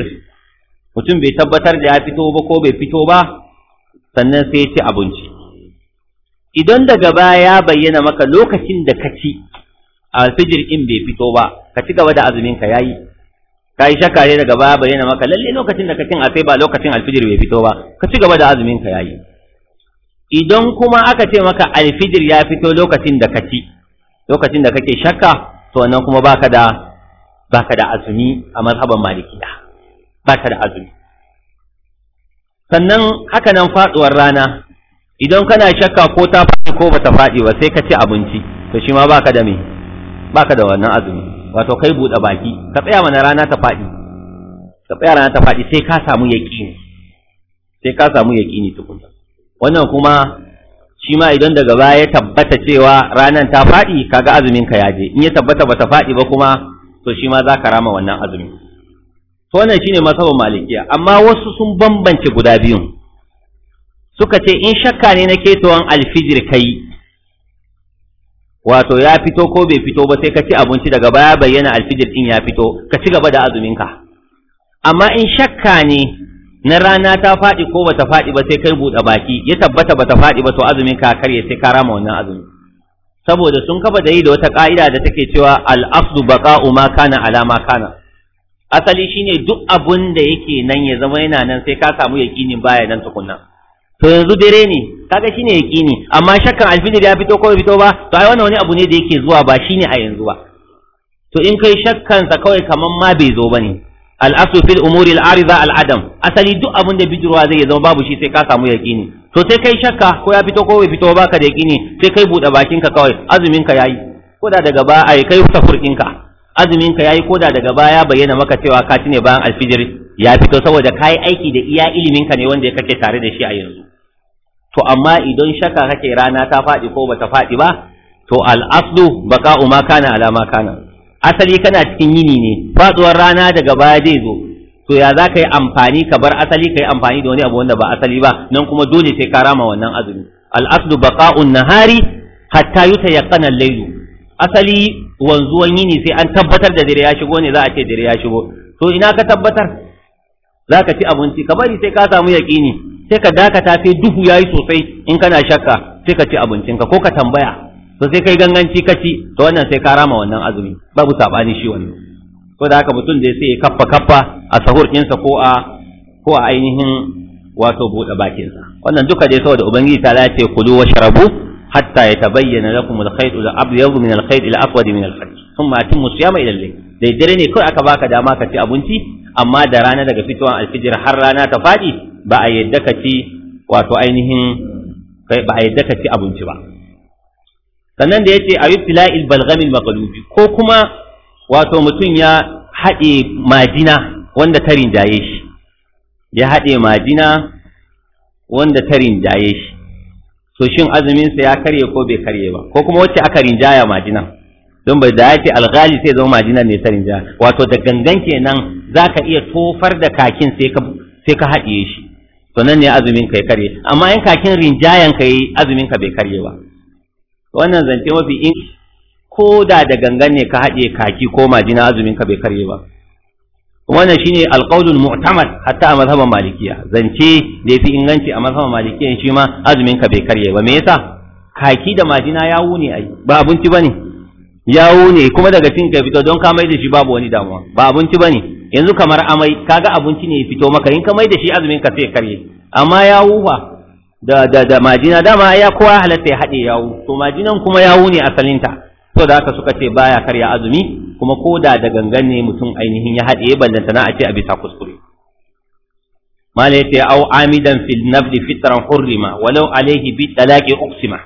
mutum bai tabbatar da ya fito ba ko bai fito ba sannan sai ya ci abinci idan daga baya ya bayyana maka lokacin da ka ci alfijir in bai fito ba ka ci gaba da azumin ka yayi ka yi shakka ne daga baya bayyana maka lalle lokacin da ka cin asai ba lokacin alfijir bai fito ba ka ci gaba da azumin ka yayi idan kuma aka ce maka alfijir ya fito lokacin da ka ci lokacin da kake shakka to wannan kuma baka da baka da azumi a mazhaban malikiya baka da azumi sannan haka nan faduwar rana idan kana shakka ko ta faɗi ko bata faɗi ba sai ka ci abinci to shi ma baka da me baka da wannan azumi wato kai buɗe baki ka tsaya mana rana ta faɗi ka tsaya rana ta faɗi sai ka samu yaƙini sai ka samu yaƙini tukunna wannan kuma shi ma idan daga baya ya tabbata cewa ranan ta faɗi kaga azumin ka yaje in ya tabbata bata faɗi ba kuma to shi ma za ka rama wannan azumi to wannan shine masabin malikiya amma wasu sun bambance guda biyun suka ce in shakka ne na ketawan alfijir kai wato ya fito ko bai fito ba sai ka ci abinci daga baya bayyana alfijir din ya fito ka ci gaba da azuminka amma in shakka ne na rana ta faɗi ko bata faɗi ba sai kai buɗe baki ya tabbata bata faɗi ba to azumin ka ya sai ka rama wannan azumi saboda sun kafa da yi da wata ka'ida da take cewa al-afdu baqa'u ma kana ala ma kana asali shine duk abun da yake nan ya zama yana nan sai ka samu yaqinin baya nan tukunna to yanzu dare ne kaga shine yaqini amma shakkan alfijir ya fito ko bai fito ba to ai wannan wani abu ne da yake zuwa ba shine a yanzu ba to in kai shakkan sa kawai kaman ma bai zo bane al-aslu fil umuri al ariza al-adam asali duk abin da bijirwa zai zama babu shi sai ka samu yaqini to sai kai shakka ko ya fito ko bai fito ba ka da yaqini sai kai bude bakin ka kawai azumin ka yayi ko da daga ba ai kai safurkin ka azumin ka yayi koda daga baya bayyana maka cewa ka ci bayan alfijir ya fito saboda kai aiki da iya ilimin ka ne wanda kake tare da shi a yanzu to amma idan shaka kake rana ta faɗi ko bata faɗi ba to aslu baka ma kana alama kana asali kana cikin yini ne faduwar rana daga baya zai zo to ya za ka yi amfani ka bar asali ka yi amfani da wani abu wanda ba asali ba nan kuma dole sai ka rama wannan azumi aslu baka'un nahari hatta yuta yaqana al-laylu asali wanzuwan yini sai an tabbatar da dare ya shigo ne za a ce dare ya shigo to ina ka tabbatar za ka ci abinci ka bari sai ka samu yaƙini sai ka dakata sai duhu ya yi sosai in kana shakka sai ka ci abincinka ko ka tambaya to sai kai ganganci ka ci to wannan sai ka rama wannan azumi babu saɓani shi wannan ko da haka mutum da ya sai kaffa kaffa a sahur ɗinsa ko a ko a ainihin wato buɗe bakinsa wannan duka dai saboda ubangiji ta lace kulu wa sharabu hatta ya ta bayyana al-khayt al-abyad min al-khayt al-aswad min al dai dare ne kawai aka baka dama ka ci abinci amma da rana daga fitowar alfijir har rana ta fadi ba a yadda ka ci wato ainihin ba a yadda ka ci abinci ba sannan da yace ayubtila al-balgham maqlub ko kuma wato mutum ya haɗe majina wanda ta rinjaye shi ya haɗe majina wanda ta rinjaye shi to shin azuminsa ya karye ko bai karye ba ko kuma wacce aka rinjaya majinan don bai da ya ce alghali sai zama majinan ne ta rinjaya wato da gangan kenan zaka iya tofar da kakin sai ka haɗiye shi to nan ne azumin ka ya karye amma in kakin rinjayan ka yi azumin ka bai karye ba wannan zance mafi in ko da da gangan ne ka haɗiye kaki ko majina azumin ka bai karye ba wannan shine alqaulul mu'tamad hatta a mazhaban malikiya zance da yafi inganci a mazhaban malikiya shi ma azumin ka bai karye ba me yasa kaki da majina ya ne ai ba abinci bane ya ne kuma daga cin ka fito don ka mai da shi babu wani damuwa ba abinci bane yanzu kamar amai kaga abinci ne ya fito maka in ka mai da shi azumin ka sai karye amma ya fa da da da majina dama ya kowa halatta ya haɗe yawo to majinan kuma yawo ne asalinta to da haka suka ce baya karya azumi kuma ko da da gangan ne mutum ainihin ya haɗe ballanta na a ce a bisa kuskure mala yace au amidan fil nafli fitran hurrima walau alayhi bi talaqi uqsima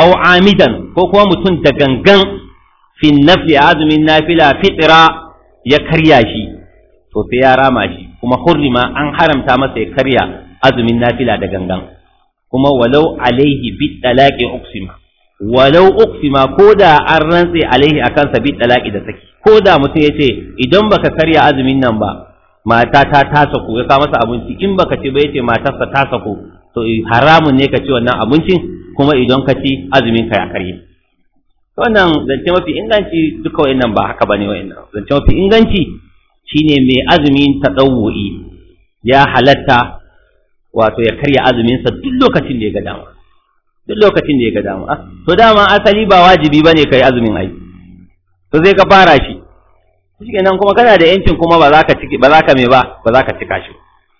au amidan ko kuma mutum da gangan fil nafli azumin nafila fitra ya karya shi to sai ya rama shi kuma hurrima an haramta masa ya karya azumin nafila da gangan kuma walau alaihi bi talaqi uqsima walau uqsima ko da an rantse alaihi akan sabi talaqi da saki ko da mutum yace idan baka karya azumin nan ba mata ta ta sako ya ka masa abinci in baka ce ba yace matarsa ta sako to haramun ne ka ci wannan abincin kuma idan ka ci azumin ka ya karye wannan zance mafi inganci duka wa'annan ba haka bane wa'annan zance mafi inganci shine mai azumin tadawwu'i ya halatta wato ya karya azuminsa duk lokacin da ya ga dama duk lokacin da ya ga dama ah, to dama asali ba wajibi bane kai azumin ai to sai ka fara shi shikenan kuma kana da yancin kuma ba za ka ciki ba za ka me ba ba za ka cika shi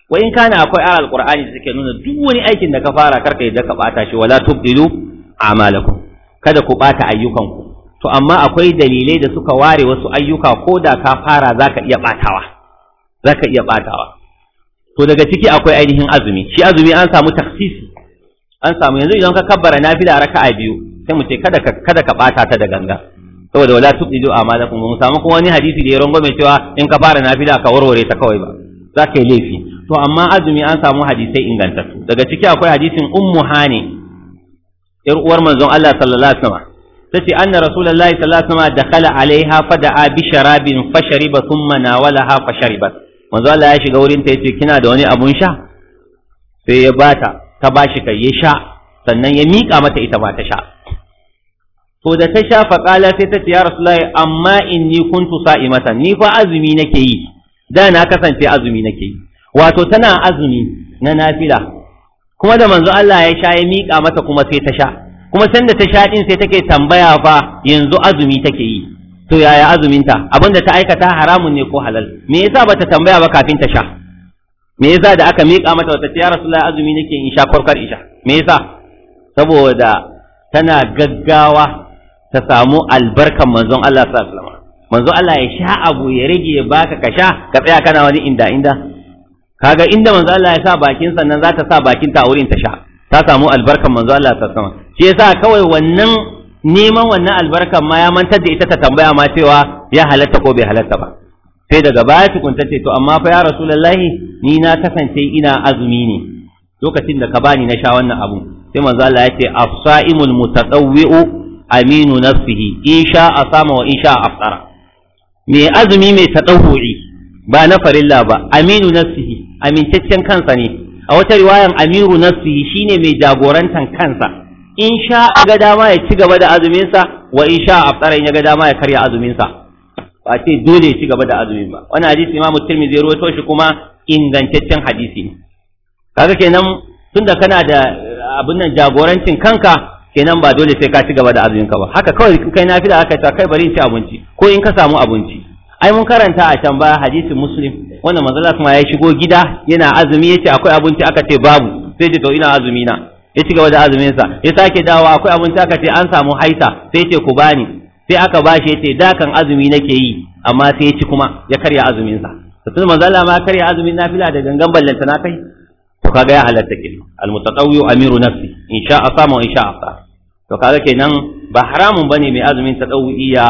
wa in kana akwai ayar alqur'ani da suke nuna duk wani aikin da ka fara karka yadda ka bata shi wala tubdilu a'malakum kada ku bata ayyukanku to amma akwai dalilai da suka ware wasu ayyuka ko da ka fara za ka iya batawa za ka iya batawa to daga ciki akwai ainihin azumi shi azumi an samu taksisi an samu yanzu idan ka kabbara nafila raka'a biyu sai mu ce kada ka kada bata ta da ganga saboda wala tubdidu amalakum mu samu kuma wani hadisi da ya rango mai cewa in ka fara nafila ka warware ta kawai ba za ka yi laifi to amma azumi an samu hadisai ingantattu daga ciki akwai hadisin ummu hani yar uwar manzon Allah sallallahu alaihi wasallam tace anna rasulullahi sallallahu alaihi wasallam dakhala alaiha fada'a bi sharabin fashariba thumma nawalaha fasharibat manzon Allah ya shiga wurin ta yace kina da wani abun sha sai ya bata ta bashi kai ya sha sannan ya miƙa mata ita ba ta sha to da ta sha faƙala sai ta ce ya rasulullahi amma inni kuntu mata. ni fa azumi nake yi da na kasance azumi nake yi wato tana azumi na nafila kuma da manzo Allah ya sha ya miƙa mata kuma sai ta sha kuma sanda ta sha din sai take tambaya fa yanzu azumi take yi to yaya azuminta abinda ta aikata haramun ne ko halal me yasa bata tambaya ba kafin ta sha me yasa da aka miƙa mata wata ya rasulullahi azumi nake in sha farkar isha me yasa saboda tana gaggawa ta samu albarkan manzon Allah sallallahu alaihi wasallam manzon Allah ya sha abu ya rage ya baka ka sha ka tsaya kana wani inda inda kaga inda manzon Allah ya sa bakin sannan za ta sa bakin ta wurin ta sha ta samu albarkan manzon Allah sallallahu alaihi wasallam shi yasa kawai wannan neman wannan albarkan ma ya mantar da ita ta tambaya ma cewa ya halatta ko bai halatta ba sai daga baya tukunta ce to amma fa ya rasulullahi ni na kasance ina azumi ne lokacin da ka bani na sha wannan abu sai manzo Allah ya ce as-sa'imul aminu nafsihi sha asama wa in sha afsara Me azumi mai tadawwu'i ba na farilla ba aminu nafsihi amintaccen kansa ne a wata riwayan amiru nafsihi shine mai jagorantan kansa in sha ga dama ya ci gaba da azuminsa wa in sha afsara in ya ga dama ya karya azumin sa ba ce dole ya ci gaba da azumin ba wani hadisi ma tirmidhi zai ruwa shi kuma ingantaccen hadisi ne kaga kenan tun tunda kana da eh, abin nan jagorancin kanka kenan ba dole sai ka ci gaba da azumin ka ba haka kawai kai na da haka ta kai bari in ci abinci ko in ka samu abinci ai mun karanta a can baya hadisin muslim wannan Allah kuma ya shigo gida yana azumi yace akwai abinci aka ce babu sai ce to ina azumi na ya ci gaba da azumin sa ya sake dawo akwai abinci aka ce an samu haisa sai ce ku bani sai aka shi yace da dakan azumi nake yi amma sai ya ci kuma ya karya azumin sa to tun manzo Allah ma karya azumin nafila da gangan ballanta na kai to kaga ya halatta kin al mutatawwi amiru nafsi in sha asama wa in sha asa to kaga kenan ba haramun bane mai azumin ta ya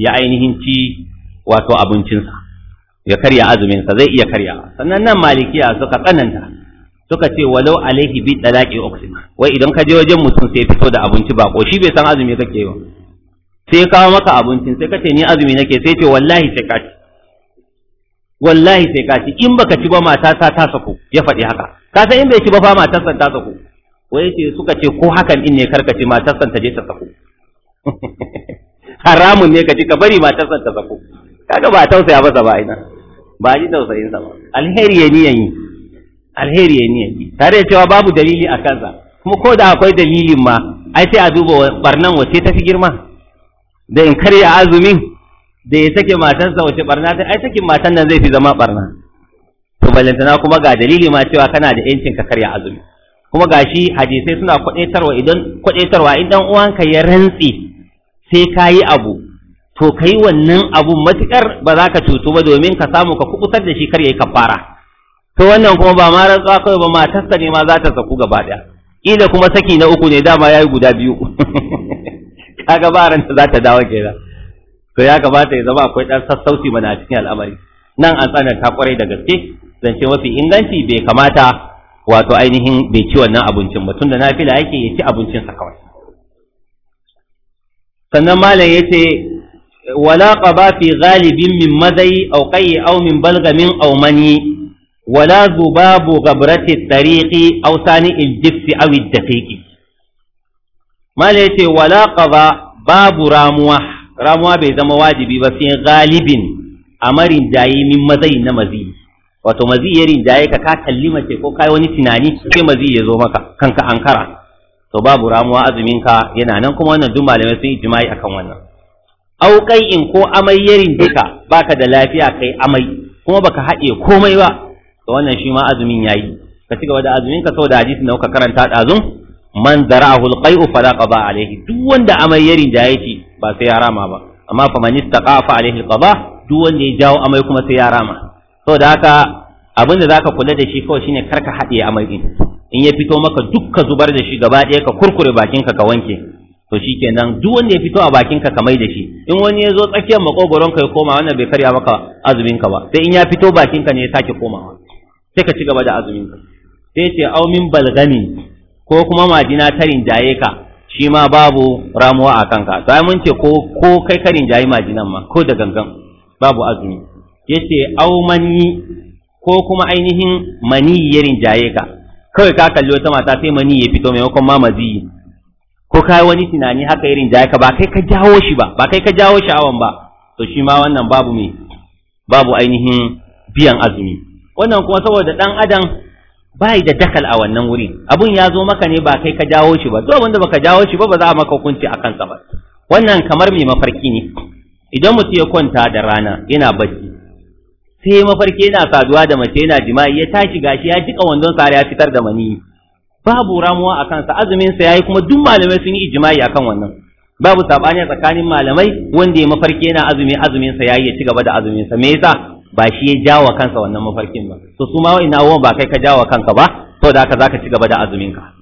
ya ainihin ci wato abincinsa ya karya azuminsa zai iya karya sannan nan malikiya suka tsananta suka ce walau alaihi bi talaqi uqsima wai idan ka je wajen mutum sai fito da abinci ba ko shi bai san azumi kake ba sai kawo maka abincin sai kace ni azumi nake sai ce wallahi sai ka ci wallahi sai ka ci in baka ci ba mata ta ta sako ya faɗi haka ka san in bai ci ba fa mata san ta sako wai yace suka ce ko hakan in ne karka ci mata san ta je ta sako haramun ne ka ci ka bari mata san ta sako kaga ba tausaya masa ba ina ba ji tausayin sa ba alheri ya ni yayi alheri ya ni yayi tare da cewa babu dalili a kansa kuma ko da akwai dalilin ma ai sai a duba barnan wace ta fi girma da in karya azumin da ya sake matansa wace barna ta ai sakin matan nan zai fi zama barna to balantana kuma ga dalili ma cewa kana da yancin ka karya azumi kuma gashi hadisai suna kwadaitarwa idan kwadaitarwa idan uwanka ya rantsi sai kayi abu to kai wannan abu matukar ba za ka cutu ba domin ka samu ka kubutar da shi kar yayi kafara to wannan kuma ba ma rantsuwa kawai ba matarsa ne ma za ta saku gaba daya ila kuma saki na uku ne dama yayi guda biyu kaga ba ranta za ta dawo kenan to ya kamata ya zama akwai dan sassauci mana a cikin al'amari nan an ta kwarai da gaske zance mafi inganci bai kamata wato ainihin bai ci wannan abincin ba tunda nafila yake ya ci abincin sa kawai sannan malam yace wala qaba fi ghalibin min madai aw qayy aw min balgamin aw mani ولا gabrati غبرة الطريق أو ثاني الجبس أو الدقيق mala yace wala qada babu ramuwa ramuwa bai zama wajibi ba sai galibin amarin jayi min mazai na mazi wato mazi ya rinjaye ka ka kalli mace ko kai wani tunani sai mazi ya zo maka kanka ankara to babu ramuwa azumin ka yana nan kuma wannan duk malamai sun ijma'i akan wannan aukai in ko amai ya rinjika baka da lafiya kai amai kuma baka haɗe komai ba to wannan shi ma azumin yayi ka ci gaba da azumin ka saboda hadisi na ka karanta ɗazun man zara'ahu al-qai'u fala qada alayhi duk wanda amai ya rinjaye yake ba sai ya rama ba amma fa man istaqa fa alayhi qada duk wanda ya jawo amai kuma sai ya rama saboda haka abinda zaka kula da shi kawai shine karka hade amai din in ya fito maka dukka zubar da shi gaba ɗaya ka kurkure bakinka ka wanke to shikenan duk wanda ya fito a bakinka ka mai da shi in wani ya zo tsakiyar makogoron ka ya koma wannan bai karya maka azumin ka ba sai in ya fito bakinka ne ya sake komawa sai ka ci gaba da azumin ka sai ce au min balgami ko kuma majina ta rinjaye ka shi ma babu ramuwa a kanka to ai mun ce ko ko kai ka rinjaye majinan ma ko da gangan babu azumi yace au mani ko kuma ainihin mani ya rinjaye ka kawai ka kalli wata mata sai mani ya fito maimakon ma mazi ko kai wani tunani haka ya rinjaye ka ba kai ka jawo shi ba ba kai ka jawo sha'awan ba to shi ma wannan babu me babu ainihin biyan azumi wannan kuma saboda dan adam bai da dakal a wannan wuri abun ya zo maka ne ba kai ka jawo shi ba duk wanda baka jawo shi ba ba za a maka hukunci a kansa ba wannan kamar mai mafarki ne idan mutum ya kwanta da rana yana bacci sai mafarki yana saduwa da mace yana jima'i ya tashi gashi ya jika wandon sare, ya fitar da mani babu ramuwa a kansa azumin sa yayi kuma duk malamai sun yi jima'i akan wannan babu sabani tsakanin malamai wanda ya mafarki yana azumi azumin sa yayi ya ci gaba da azumin sa me yasa ba shi ya wa kansa wannan mafarkin ba to su ma wa'ina abubuwan ba kai ka wa kanka ba aka haka ka ci gaba da azumin ka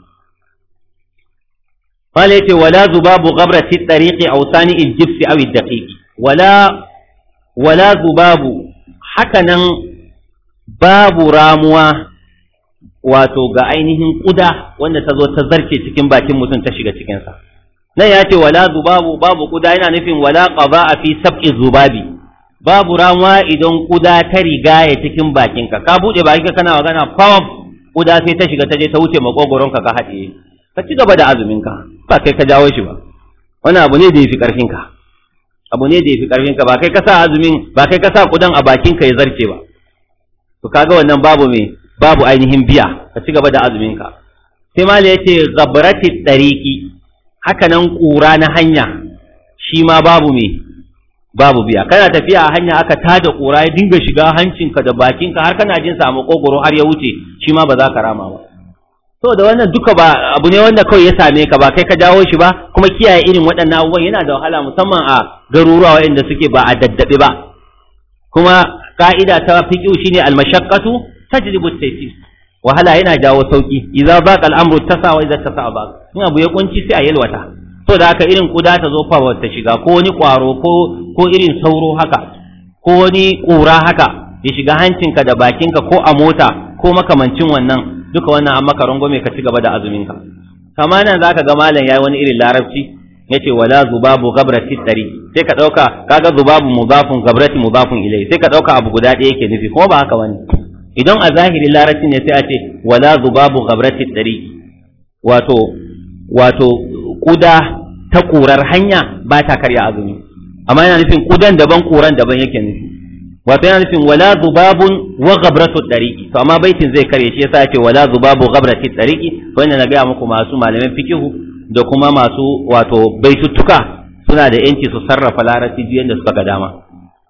قال ولا ذباب غبرة الطريق أو ثاني الجبس أو الدقيق ولا ولا ذباب حكنا باب wato ga ainihin ƙuda wanda ta zo ta zarce cikin bakin mutum ta shiga cikinsa nan ya ce wala zubabu babu ƙuda yana nufin wala a fi sab'i zubabi babu ramuwa idan kuda ta rigaya cikin bakinka ka buɗe bakinka kana magana fawam kuda sai ta shiga ta je ta wuce makogoronka ka haɗe ka ci gaba da azuminka ba kai ka jawo shi ba wani abu ne da ya fi ƙarfinka abu ne da ya fi ƙarfinka ba kai ka sa azumin ba kai ka sa kudan a bakinka ya zarce ba to kaga wannan babu me babu ainihin biya ka ci gaba da azuminka sai mala yace ghabrati tariqi haka nan ƙura na hanya shi ma babu me babu biya kana tafiya a hanya aka tada kura ya dinga shiga hancinka da bakinka har kana jin samu makogoro har ya wuce shi ma ba za ka rama ba to da wannan duka ba abu ne wanda kawai ya same ka ba kai ka dawo shi ba kuma kiyaye irin waɗannan abubuwan yana da wahala musamman a garuruwa waɗanda suke ba a daddabe ba kuma ka'ida ta fiƙi shine al-mashaqqatu tajlibu at-taysir wahala yana jawo sauki idza baqa al-amru idza tasa in abu ya kunci sai a yalwata to da haka irin kuda ta zo fa ta shiga ko wani kwaro ko ko irin sauro haka ko wani kura haka ya shiga hancinka da bakinka ko a mota ko makamancin wannan duka wannan amma ka rungume ka ci gaba da azuminka kamar nan zaka ga malam yayi wani irin larabci yace wala zubabu ghabrati tari sai ka dauka kaga zubabu mudafun ghabrati mudafun ilai sai ka dauka abu guda ɗaya yake nufi ko ba haka bane idan a zahiri larabci ne sai a ce wala zubabu ghabrati tari wato wato kuda ta ƙurar hanya ba ta karya azumi amma yana nufin kudan daban ƙuran daban yake nufi wato yana nufin wala zubabun wa ghabratu dariqi to amma baitin zai kare shi yasa ake wala zubabu ghabrati dariqi to wannan na ga muku masu malaman fikihu da kuma masu wato baituttuka suna da yanci su sarrafa larabci biyan da suka ga dama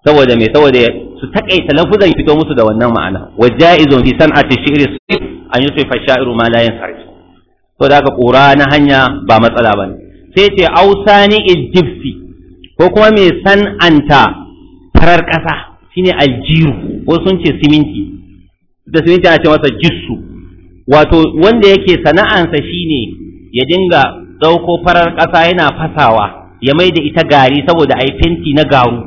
saboda me saboda su takaita lafuzan fito musu da wannan ma'ana wa jaizun fi san'ati shi'ri an yusufa sha'iru ma la yansarif so da aka ƙura na hanya ba matsala ba sai ce ausani ijibsi ko kuma mai san'anta farar ƙasa shine aljiru ko sun ce siminti da siminti a ce masa jissu wato wanda yake sana'ansa shine ya dinga ɗauko farar ƙasa yana fasawa ya mai da ita gari saboda a fenti na garu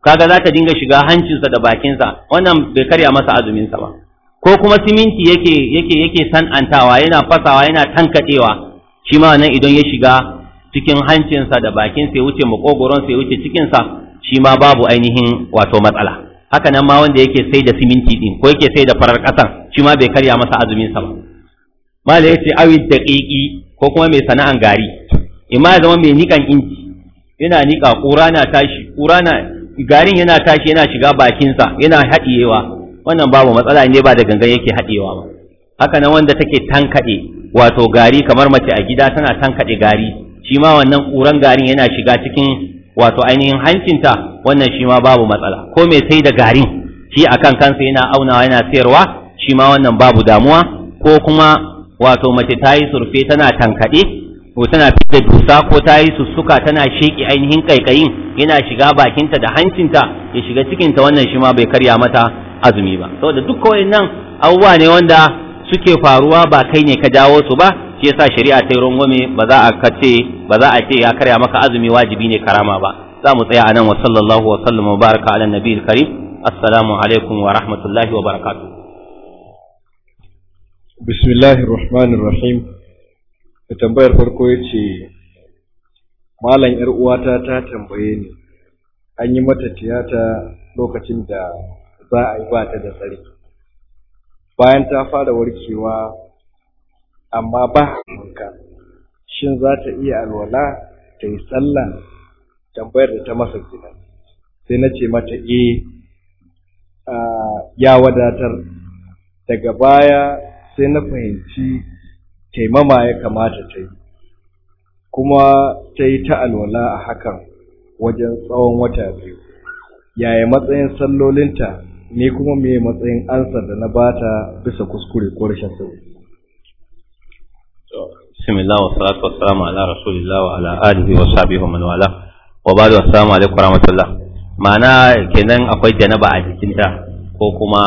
kaga za ta dinga shiga hancinsa da bakinsa wannan bai karya masa azuminsa ba ko kuma siminti yake yake san'antawa yana fasawa yana tankadewa shi ma nan idan ya shiga cikin hancinsa da bakin ya wuce makogoron ya wuce cikinsa shi ma babu ainihin wato matsala haka nan ma wanda yake sai da siminti din ko yake sai da farar kasan shi ma bai karya masa azumin sa ba mala yace awi daqiqi ko kuma mai sana'an gari imma ya zama mai nikan inji yana nika kura na tashi kura na garin yana tashi yana shiga bakinsa yana haɗiyewa wannan babu matsala ne ba da gangan yake haɗewa ba haka nan wanda take tankaɗe wato gari kamar mace a gida tana tankaɗe gari shi ma wannan ƙuran garin yana shiga cikin wato ainihin hancinta wannan shi ma babu matsala ko mai sai da garin shi a kan kansa yana aunawa yana sayarwa shi ma wannan babu damuwa ko kuma wato mace ta yi surfe tana tankaɗe ko tana da dusa ko ta yi sussuka tana sheƙi ainihin ƙaiƙayin, yana shiga bakinta da hancinta ya shiga cikinta wannan shi ma bai karya mata azumi ba saboda duk kawai nan abubuwa ne wanda suke faruwa ba kai ne ka jawo su ba shi yasa shari'a ta yi rungume ba za a kace ba za a ce ya karya maka azumi wajibi ne karama ba za mu tsaya anan wa sallallahu wa sallam wa baraka ala nabiyil karim assalamu alaikum wa rahmatullahi wa barakatuh bismillahir rahmanir rahim ta tambayar farko yace malam yar uwata ta tambaye ni an yi mata tiyata lokacin da za a yi ba ta da tsari. bayan ta fara warkewa amma ba wanka shin za ta iya alwala ta yi sallah tambayar da ta masa gida sai na ce mata e ya wadatar daga baya sai na fahimci taimama ya kamata ta yi kuma ta yi ta alwala a hakan wajen tsawon wata biyu yaya matsayin sallolinta ni kuma me matsayin ansar da na bata bisa kuskure ko rashin sauri. bismillah wa salatu wa salamu ala rasulillah wa ala alihi wa sahbihi wa man wala wa ba'du assalamu alaikum wa rahmatullah ma'ana kenan akwai janaba a jikinta ko kuma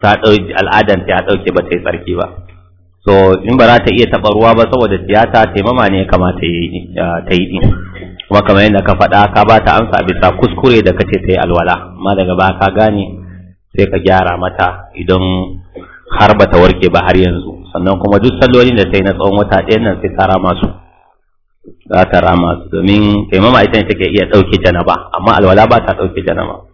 ta dauki al'adan ta dauke ba ta yi tsarki ba so in ba za ta iya taɓa ruwa ba saboda tiyata taimama ne kamata ta yi din. kuma kamar yadda ka faɗa ka ba ta amsa bisa kuskure da kace ta yi alwala amma daga ba ka gane sai ka gyara mata idan har bata warke ba har yanzu sannan kuma duk sallolin da ta yi na tsawon wata ɗaya nan sai ta rama su za ta rama su domin taimama ita ne take iya ɗauke janaba amma alwala ba ta ɗauke janaba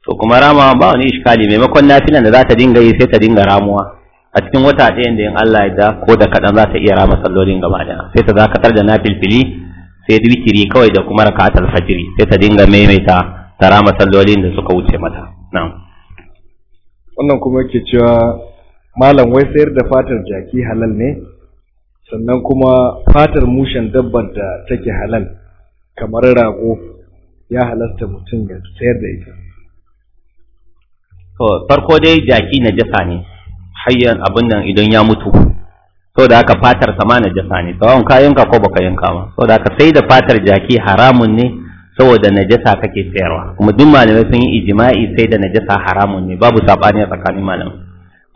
to kuma rama ba wani iskali maimakon nafilan da za ta dinga yi sai ta dinga ramuwa a cikin wata ɗaya da in Allah ya da ko da kaɗan za ta iya rama sallolin gaba ɗaya sai ta zakatar da nafilfili sai witiri kawai da kuma raka'atul fajiri sai ta dinga maimaita ta rama sallolin da suka wuce mata na'am wannan kuma yake cewa malam wai sayar da fatar jaki halal ne sannan kuma fatar mushen dabbar da take halal kamar rago ya halasta mutum ya sayar da ita to farko dai jaki na jasa ne hayyan abin nan idan ya mutu so da haka fatar sama na jasa ne tsawon ka yanka ko baka yanka ma so da haka sai da fatar jaki haramun ne saboda najasa kake sayarwa kuma duk malamai sun yi ijma'i sai da najasa haramun ne babu sabani a tsakanin malamai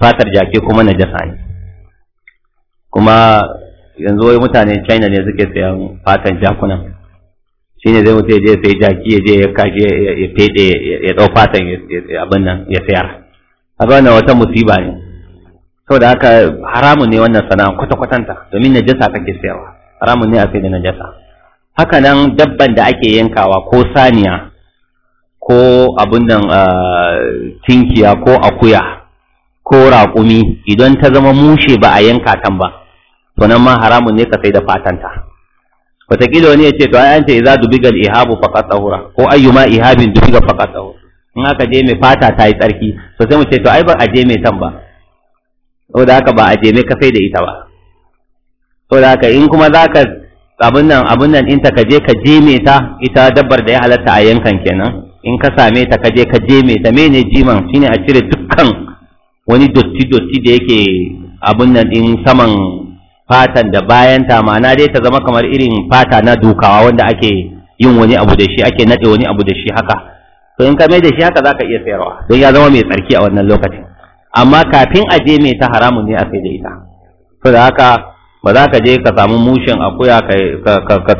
fatar jaki kuma najasa ne kuma yanzu wai mutane China ne suke sayan fatan jakunan shine zai mutu je sai jaki ya je ya kaje ya fede ya dau fatan abin nan ya sayar kaga wannan wata musiba ne saboda haka haramun ne wannan sana'a kwata kwatanta domin najasa kake sayarwa haramun ne a sai da najasa haka nan dabban da ake yankawa ko saniya ko abin nan ah, tinkiya ko akuya ko raƙumi idan ta zama mushe ba a yanka kan ba to nan ma haramun ne ka sai da fatanta wataƙila wani ya ce to an ce za dubi gal ihabu faqat tahura ko ayyuma ihabin dubi ga faqat tahura in aka je mai fata ta yi tsarki to sai mu ce to ai ba a je mai tan ba saboda haka ba a je mai ka sai da ita ba saboda haka in kuma za ka abun nan abun nan in ka je ka jeme ta ita dabbar da ya halatta a yankan kenan in ka same ta ka je ka jeme ta mene jiman shine a cire dukkan wani dotti dotti da yake abun nan din saman fatan da bayan ta ma'ana dai ta zama kamar irin fata na dukawa wanda ake yin wani abu da shi ake naɗe wani abu da shi haka to in ka mai da shi haka zaka iya sayarwa don ya zama mai tsarki a wannan lokacin amma kafin a je ta haramun ne a sai da ita to da haka ba za ka je ka samu mushin akuya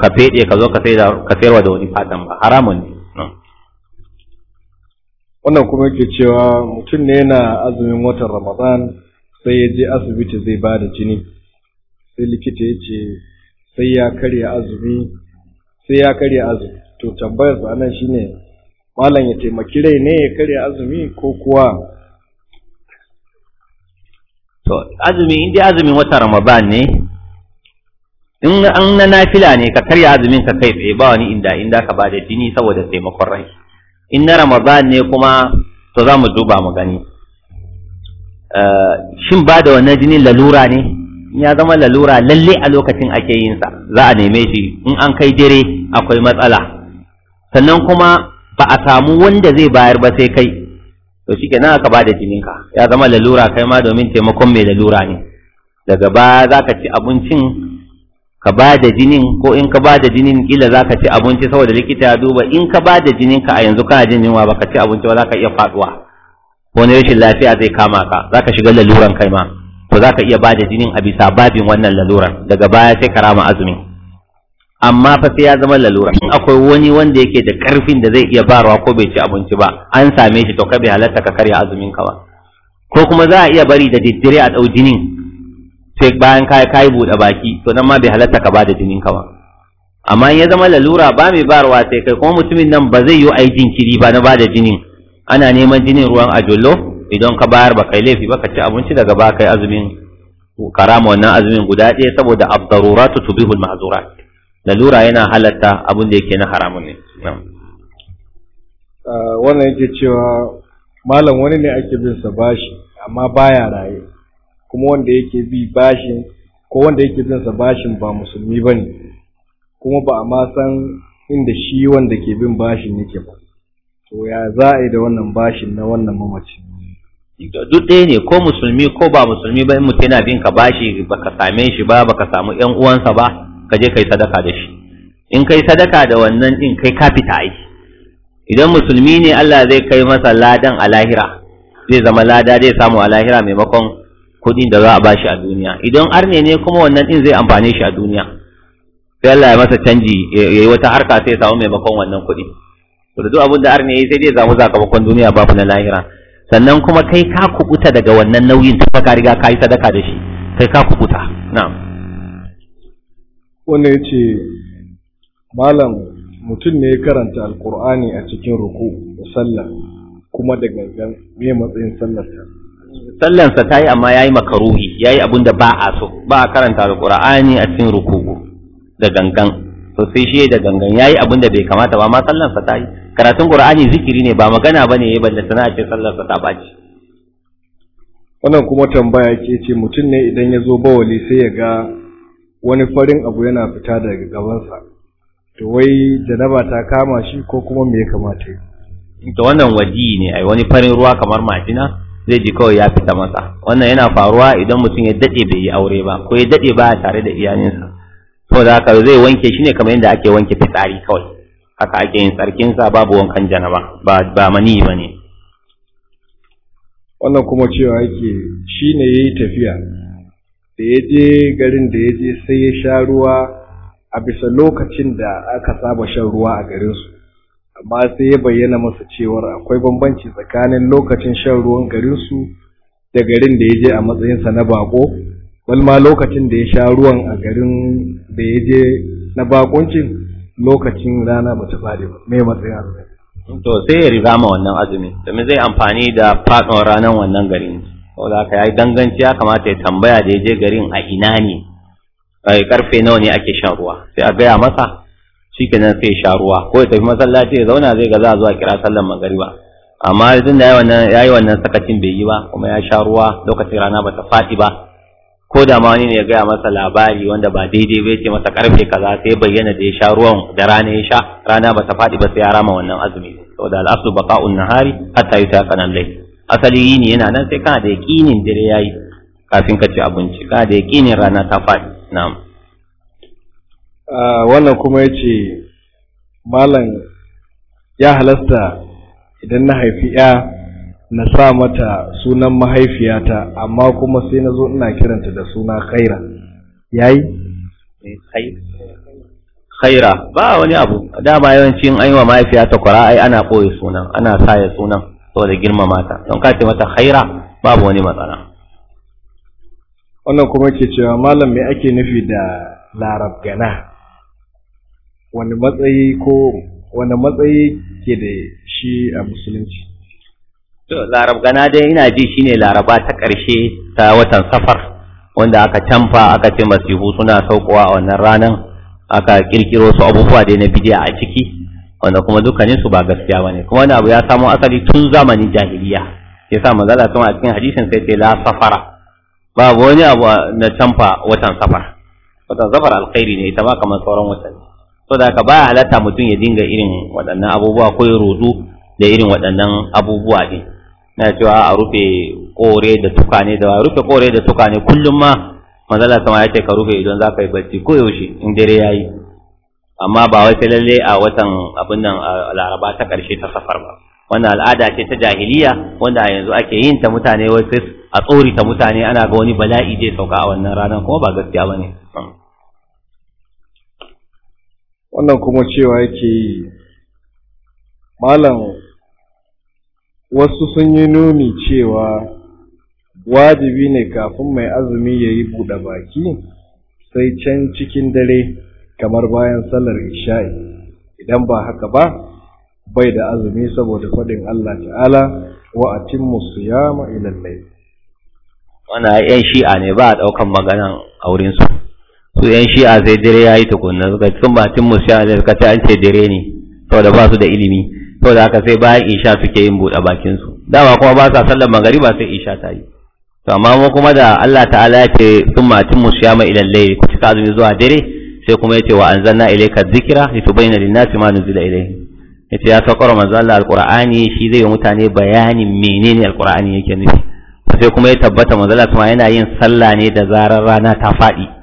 ka feɗe ka zo ka sayarwa da wani fatan ba haramun ne wannan kuma yake cewa mutum ne yana azumin watan ramadan sai ya je asibiti zai ba da jini sai likita ya ce sai ya karya azumi sai ya karya azumi to tambayar sa nan shine malam ya taimaki rai ne ya karya azumi ko kuwa to azumi in dai azumin watan ramadan ne in an na nafila ne ka karya azumin ka kai tsaye ba wani inda inda ka ba da jini saboda taimakon rai in na ramadan ne kuma to za mu duba mu gani eh, shin ba da wannan jini lalura ne ya zama lalura lalle a lokacin ake yin sa za a neme shi in an kai dare akwai matsala sannan kuma ba a samu wanda zai bayar ba sai kai to shi kenan aka ba da jininka ya zama lalura kai ma domin taimakon mai lalura ne daga baya za ka ci abincin ka ba da jinin ko in ka ba da jinin kila za ka ci abinci saboda likita ya duba in ka ba da jinin ka a yanzu kana jin yunwa ba, ka ci abinci ba za ka iya faduwa ko ne rashin lafiya zai kama ka za ka shiga laluran kai ma to za ka iya ba da jinin a bisa babin wannan laluran daga baya sai ka rama azumin amma fa sai ya zama lalura in akwai wani wanda yake da karfin da zai iya barawa ko bai ci abinci ba an same shi to ka bai halatta ka karya azumin ka ba ko kuma za a iya bari da diddire a dau jinin sai bayan kai kai bude baki to nan ma bai halatta ka bada jinin ka ba amma in ya zama lalura ba mai barwa sai kai kuma mutumin nan ba zai yi ai jinkiri ba na bada jinin ana neman jinin ruwan ajollo idan ka bayar ba kai laifi ba ka ci abinci daga ba kai azumin karama wannan azumin guda ɗaya saboda abdaruratu tubihul ma'zurat lalura yana halatta abin da yake na haramun ne ah, wannan yake cewa malam wani ne ake bin sa bashi amma baya raye kuma wanda yake bi bashin ko wanda yake bin sa bashin ba musulmi bane kuma ba a ma san inda shi wanda ke bin bashin yake ba to ya za a yi da wannan bashin na wannan mamaci duk ɗaya ne ko musulmi ko ba musulmi ba in mutum yana bin ka bashi baka same shi ba baka samu ƴan uwansa ba ka je kai sadaka da shi in kai sadaka da wannan din kai ka fita aiki idan musulmi ne Allah zai kai masa ladan a lahira zai zama lada zai samu a lahira maimakon kuɗin da za a bashi a duniya idan arne ne kuma wannan din zai amfane shi a duniya sai Allah ya masa canji yayi wata harka sai ya samu maimakon wannan kuɗi to duk abin da arne yayi sai dai zamu sakamakon duniya babu na lahira sannan kuma kai ka kubuta daga wannan nauyin ta ka riga ka sadaka da shi kai ka kubuta na'am wannan yace malam mutum ne ya karanta alkur'ani a cikin ruku da sallah kuma da gangan me matsayin sallar ta sallansa ta yi amma ya yi makaruhi ya yi abin da ba a so ba a karanta alƙur'ani a cikin rukuku da gangan to sai shi da gangan ya yi abin da bai kamata ba ma sallansa ta yi karatun ƙur'ani zikiri ne ba magana ba ne ya balle sana'a a ce sallansa ta ɓaci. wannan kuma tambaya ke ce mutum ne idan ya zo bawali sai ya ga wani farin abu yana fita daga gabansa to wai janaba ta kama shi ko kuma me ya kamata yi. to wannan waji ne ai wani farin ruwa kamar majina zai ji kawai ya fita masa wannan yana faruwa idan mutum ya daɗe bai yi aure ba ko ya daɗe ba tare da iyalinsa da haka zai wanke shi ne kamar yadda ake wanke fitsari kawai haka ake yin tsarkinsa babu wankan janaba ba ba mani ba ne wannan kuma cewa yake shi ne ya yi tafiya da ya je garin da ya je sai ya sha ruwa a bisa lokacin da aka saba shan ruwa a garinsu amma sai ya bayyana masa cewar akwai bambanci tsakanin lokacin shan ruwan garinsu da garin da ya je a matsayinsa na bako balma lokacin da ya sha ruwan a garin da ya je na bakoncin, lokacin rana ba ta fadi ba mai matsayin azumi to sai ya riga ma wannan azumi domin zai amfani da fadon ranar wannan garin saboda haka ya yi danganci ya kamata ya tambaya da ya je garin a ina ne karfe nawa ne ake shan ruwa sai a gaya masa ke nan sai sha ruwa ko ya tafi masallaci ya zauna zai ga za zuwa kira sallar magariba amma yanzu da ya yi wannan sakacin bai yi ba kuma ya sha ruwa lokacin rana ba ta faɗi ba ko da ma wani ne ya gaya masa labari wanda ba daidai bai ce masa karfe kaza sai bayyana da ya sha ruwan da rana ya sha rana ba ta faɗi ba sai ya rama wannan azumi saboda al'asu ba baqa'un nahari hatta ta kanan lai asali yi ne yana nan sai kana da yaƙinin dare ya yi kafin ka ci abinci kana da yaƙinin rana ta faɗi na'am Ah, wannan kuma ya ce malam ya halasta idan na haifi ya na sa mata sunan mahaifiyata amma kuma sai na zo ina kiranta da suna khaira ya yi? Eh, khaira ba wani abu dama yawanci an yi wa mahaifiyata kwara ai ana ɓoye sunan ana ya sunan saboda girmama mata don ka ce mata khaira babu wani matsala wannan kuma ke cewa malam me ake nufi da larabgana wani matsayi ko wani matsayi ke da shi a musulunci to larab gana dai ina ji shine laraba ta ƙarshe ta watan safar wanda aka canfa aka ce masihu suna saukowa a wannan ranar aka kirkiro su abubuwa dai na bidiya a ciki wanda kuma dukkanin su ba gaskiya bane kuma wani abu ya samo asali tun zamanin jahiliya sa manzala tun a cikin hadisin sai ce la safara babu wani abu na canfa watan safar watan safar alkhairi ne ita ma kamar sauran watanni so da ka baya halatta mutum ya dinga irin waɗannan abubuwa ko ya rudu da irin waɗannan abubuwa din na cewa a rufe kore da tukane da rufe kore da tukane kullum ma manzala sama ya ce ka rufe idan za ka yi barci ko yaushe in dare ya yi amma ba wai sai lalle a watan abin nan laraba ta ƙarshe ta safar ba wannan al'ada ce ta jahiliya wanda a yanzu ake yin ta mutane wasu a tsorita mutane ana ga wani bala'i zai sauka a wannan ranar kuma ba gaskiya ba ne. wannan kuma cewa yake yi malam wasu sun yi nuni cewa wajibi ne kafin mai azumi ya yi buɗe baki sai can cikin dare kamar bayan sallar isha'i idan ba haka ba bai da azumi saboda faɗin Allah ta'ala wa a cin musu yama ilallai. ‘yan shi'a ne ba a ɗaukan maganan aurinsu. su yan shi'a sai dare ya yi tukunna suka cikin batin musha da suka ce an ce dare ne saboda ba su da ilimi saboda haka sai bayan isha suke yin buɗe bakin su dama kuma ba sa sallar magariba sai isha ta yi to amma mu kuma da Allah ta'ala ya ce sun matin ya ma ilal layli ku cika azumi zuwa dare sai kuma ya ce wa anzalna ilayka dhikra litubayyana lin-nasi ma nuzila ilayhim yace ya saukar manzo Allah alqur'ani shi zai yi mutane bayanin menene ya yake nufi sai kuma ya tabbata manzo Allah yana yin sallah ne da zarar rana ta faɗi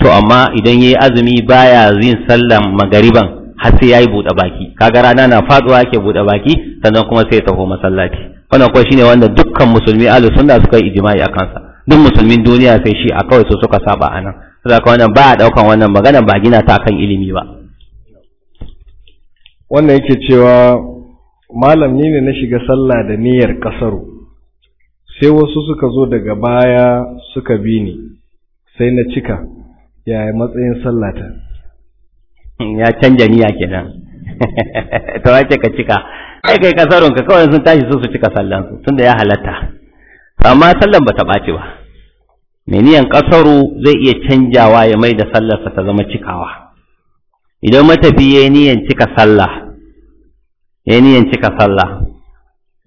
to amma idan ya yi azumi baya yin sallan magariban har sai yayi buɗe baki kaga rana na faduwa yake buɗe baki sannan kuma sai ya taho masallaci wannan kuwa shine wanda dukkan musulmi ahlus sunna suka yi ijma'i akan sa duk musulmin duniya sai shi a kawai su suka saba anan saboda wannan ba a daukan wannan magana ba gina ta akan ilimi ba wannan yake cewa malam ni ne na shiga sallah da niyyar kasaru sai wasu suka zo daga baya suka bi ni sai na cika ya matsayin sallata ya canja niyya kenan to wace ka cika ai kai kasarun ka kawai sun tashi su su cika sallan su tunda ya halatta amma sallan bata ɓaci ba mai niyan kasaru zai iya canjawa ya mai da sallarsa ta zama cikawa idan matafi ya niyan cika sallah ya niyan cika sallah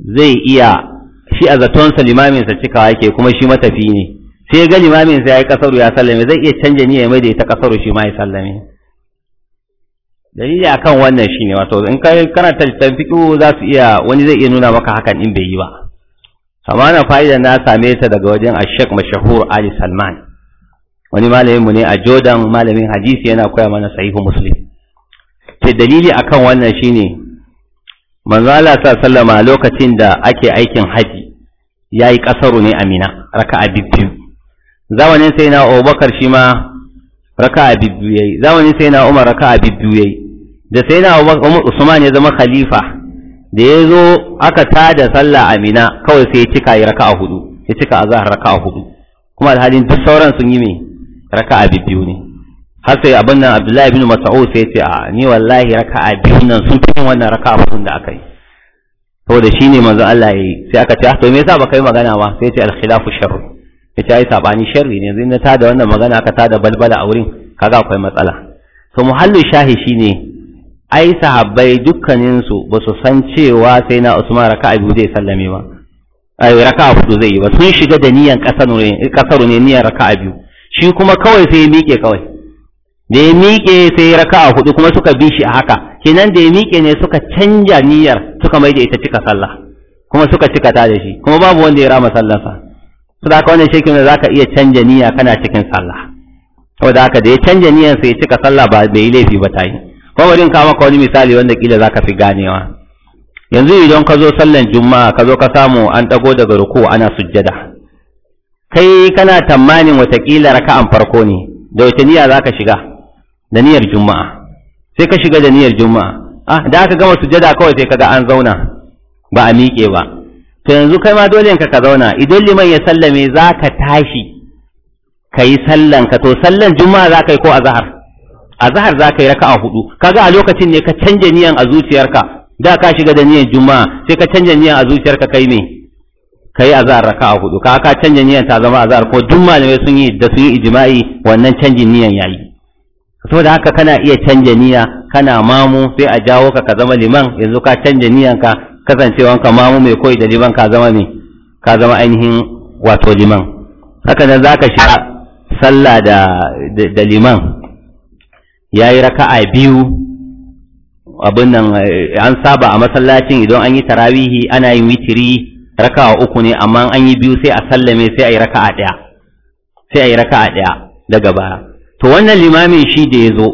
zai iya shi a limamin sa cikawa yake kuma shi matafi ne sai ga mamin sai yi kasaru ya sallame zai iya canja niyya mai da ita kasaru shi ma ya sallame dalili akan wannan shine wato in kai kana tattan fiqhu za su iya wani zai iya nuna maka hakan in bai yi ba amma na fa'ida na same ta daga wajen Ashek Mashahur Ali Salman wani malamin mu ne a Jordan malamin hadisi yana koya mana sahihu Muslim sai dalili akan wannan shine manzo Allah sallama lokacin da ake aikin haji yayi kasaru ne a raka'a biyu zamanin sai na Abubakar shi ma raka'a bibbiyu yayi zamanin sai na Umar raka'a ya yayi da sai na Abubakar Usman ya zama khalifa da ya zo aka tada sallah Amina kawai sai ya cika yi raka'a hudu ya cika azhar raka'a hudu kuma alhalin duk sauran sun yi me raka'a bibbiyu ne har sai abin nan Abdullahi ibn Mas'ud sai ce a ni wallahi raka'a biyun nan sun fi wannan raka'a hudun da aka yi saboda shine manzo Allah yayi sai aka ce ah, to me yasa ba kai magana ba sai ce al-khilafu sharr ya ce ai sabani sharri ne yanzu na da wannan magana aka da balbala a wurin kaga akwai matsala to muhallu shahi shine ai sahabbai dukkanin su ba su san cewa sai na Usman raka'a biyu zai sallame ba ai raka'a hudu zai yi ba sun shiga da niyan kasaru ne kasaru ne niyan raka'a biyu shi kuma kawai sai ya miƙe kawai da ya miƙe sai ya raka'a hudu kuma suka bi shi a haka kenan da ya miƙe ne suka canja niyyar suka mai da ita cika sallah kuma suka cika ta da shi kuma babu wanda ya rama sallarsa da haka wannan shekin da zaka iya canja niyya kana cikin sallah saboda haka da ya canja niyyar sai ya cika sallah ba bai laifi ba tayi ko bari in ka maka wani misali wanda kila zaka fi ganewa yanzu idan ka zo sallan juma'a ka zo ka samu an dago daga ruku ana sujjada kai kana tamanin watakila raka'an farko ne da wace niyya zaka shiga da niyyar juma'a sai ka shiga da niyyar juma'a ah da aka gama sujjada kawai sai kaga an zauna ba a miƙe ba to yanzu kai ma dole ka ka zauna idan liman ya sallame za ka tashi ka yi sallan ka to sallan juma'a za ka yi ko a zahar? A zahar za ka yi raka'a hudu kaga a lokacin ne ka canja niyan a zuciyarka da ka shiga da niyan juma'a sai ka canja niyan a zuciyarka kai ne ka yi a raka raka'a hudu ka ka canja niyan ta zama a zahar, ko duk malamai sun yi da su yi ijma'i wannan canjin niyan yayi saboda haka kana iya canja niyya kana mamu sai a jawo ka ka zama liman yanzu ka canja niyanka kasancewan ka mamu mai koyi da liman ka zama ne ka zama ainihin wato liman haka nan zaka shiga sallah da da liman yayi raka'a biyu abin nan eh, an saba a masallacin idan an yi tarawihi ana yin witiri raka'a uku ne amma an yi biyu sai a sallame sai a yi raka'a ɗaya sai a yi raka'a ɗaya daga baya to wannan limamin shi da ya zo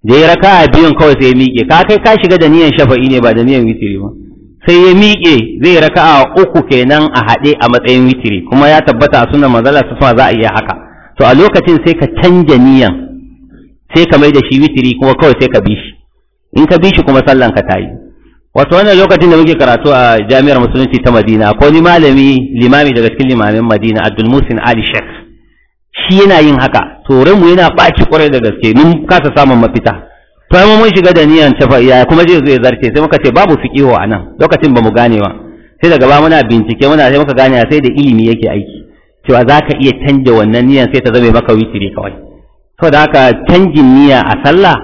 da ya raka'a biyun kawai sai ya miƙe ka kai ka shiga da niyan shafa'i ne ba da niyan witiri ba sai ya miƙe zai raka a uku kenan a haɗe a matsayin witiri kuma ya tabbata a sunan manzala su za a iya haka to a lokacin sai ka canja niyan sai ka mai da shi witiri kuma kawai sai ka bi shi in ka bi shi kuma sallan ka tayi wato wannan lokacin da muke karatu a jami'ar musulunci ta Madina ko ni malami limami daga cikin limamin Madina Abdul Musin Ali shek shi yana yin haka to mu yana ɓaci kwarai da gaske mun kasa samun mafita to ma mun shiga da niyan ta ya kuma zai zo ya zarce sai muka ce babu fiqihu anan lokacin bamu gane ba sai daga ba muna bincike muna sai muka gane sai da ilimi yake aiki cewa zaka iya canja wannan niyan sai ta zame maka witiri kawai da haka canjin niyya a sallah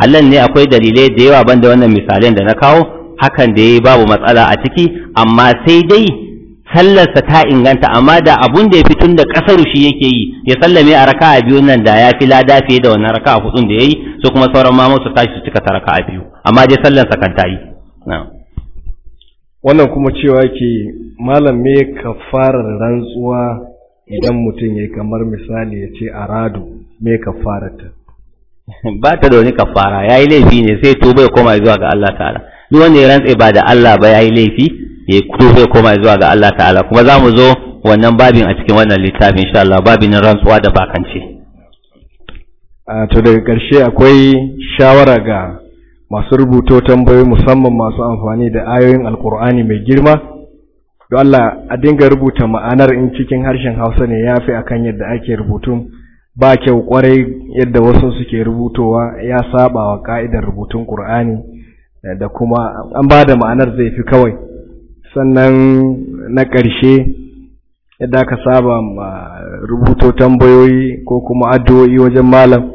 halal ne akwai dalilai da yawa banda wannan misalan da na kawo hakan da yayi babu matsala a ciki amma sai dai sallarsa ta inganta amma da abun da ya fi tun da ƙasar shi yake yi ya sallame a raka'a biyu nan da ya fi lada fiye da wannan raka'a hudu da yayi so kuma sauran ma su tashi su cika ta raka'a biyu amma dai sallarsa kan ta yi wannan kuma cewa ke malam me kafarar rantsuwa idan mutum ya kamar misali ya ce aradu me kafarata ba ta da wani kafara yayi laifi ne sai tuba ya koma zuwa ga Allah ta'ala duk wanda ya rantsa ba da Allah ba yayi laifi ya kuma koma zuwa ga Allah ta'ala kuma za mu zo wannan babin a cikin wannan littafin insha Allah babin rantsuwa da bakance a to daga ƙarshe akwai shawara ga masu rubuto tambayoyi musamman masu amfani da ayoyin alkur'ani mai girma don Allah a dinga rubuta ma'anar in cikin harshen Hausa ne ya fi akan yadda ake rubutun ba kyau kwarai yadda wasu suke rubutowa ya saba wa ka'idar rubutun ƙur'ani eh, da kuma an bada ma'anar zai fi kawai sannan na ƙarshe yadda ka saba ma rubuto tambayoyi ko kuma addu'o'i wajen malam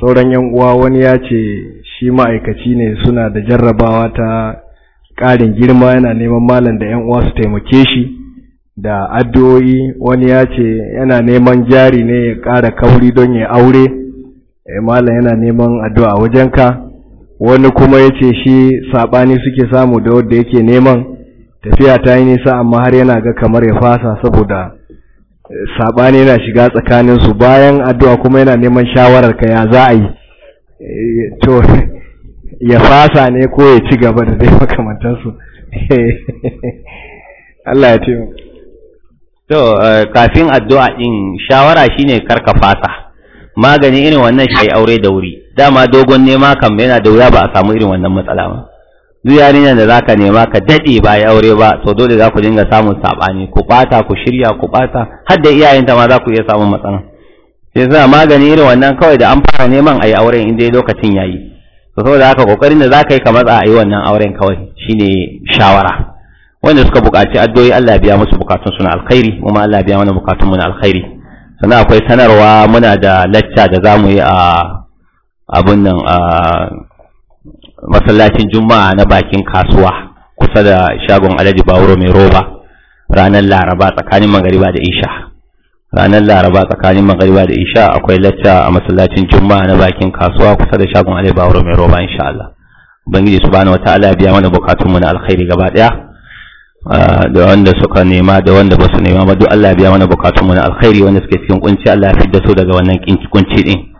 sauran yan uwa wani ya ce shi ma'aikaci ne suna da jarrabawa ta ƙarin girma yana neman malam da yan uwa su taimake shi da addu'o'i wani ya ce yana neman jari ne ya ƙara kauri don ya aure eh, malam yana neman addu'a wajen ka, wani kuma ya ce shi saɓani suke samu da wadda yake neman tafiya ta yi nisa amma har yana ga kamar ya fasa saboda eh, sabani yana shiga tsakanin su bayan addu'a kuma yana neman shawarar ka ya za a yi eh, to ya fasa ne ko ya ci gaba da dai makamantansu Allah ya ce to eh, kafin addu'a din shawara shine karka fasa magani irin wannan shi aure da wuri dama dogon nema kam yana da wuya ba a samu irin wannan matsala ba duk yarinyar da zaka nema ka daɗe ba ya aure ba to dole za ku dinga samun sabani ku bata ku shirya ku bata har da iyayenta ma za ku iya samun matsala sai suna magani irin wannan kawai da an fara neman ayi auren in dai lokacin yayi to saboda haka kokarin da zaka yi ka matsa ayi wannan auren kawai shine shawara wanda suka buƙaci addu'o'i Allah biya musu bukatun suna na alkhairi kuma Allah biya mana bukatun mu na alkhairi sannan akwai sanarwa muna da lacca da zamu yi a abun nan a masallacin juma'a na bakin kasuwa kusa da shagon alhaji bawuro mai roba ranar laraba tsakanin magariba da isha ranar laraba tsakanin magariba da isha akwai lacca a masallacin juma'a na bakin kasuwa kusa da shagon alhaji bawuro mai roba insha Allah ubangiji subhanahu wataala biya mana mu na alkhairi gaba daya ah, da wanda suka nema da wanda ba su nema ba duk Allah biya mana mu na alkhairi wanda suke cikin kunci Allah ya fidda su daga wannan kunci din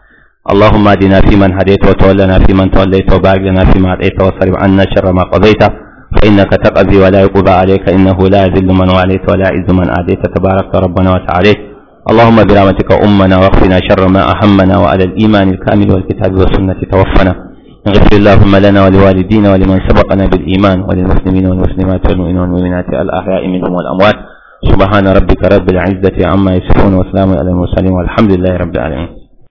اللهم اهدنا فيمن هديت وتولنا فيمن توليت وبارك لنا فيما اعطيت وصرف عنا شر ما قضيت فانك تقضي ولا يقضى عليك انه لا يذل من واليت ولا يعز من اعديت تبارك ربنا وتعاليت اللهم برحمتك امنا واغفنا شر ما اهمنا وعلى الايمان الكامل والكتاب والسنه توفنا اغفر اللهم لنا ولوالدينا ولمن سبقنا بالايمان وللمسلمين والمسلمات والمؤمنين والمؤمنات الاحياء منهم والاموات سبحان ربك رب العزه عما يصفون وسلام على المرسلين والحمد لله رب العالمين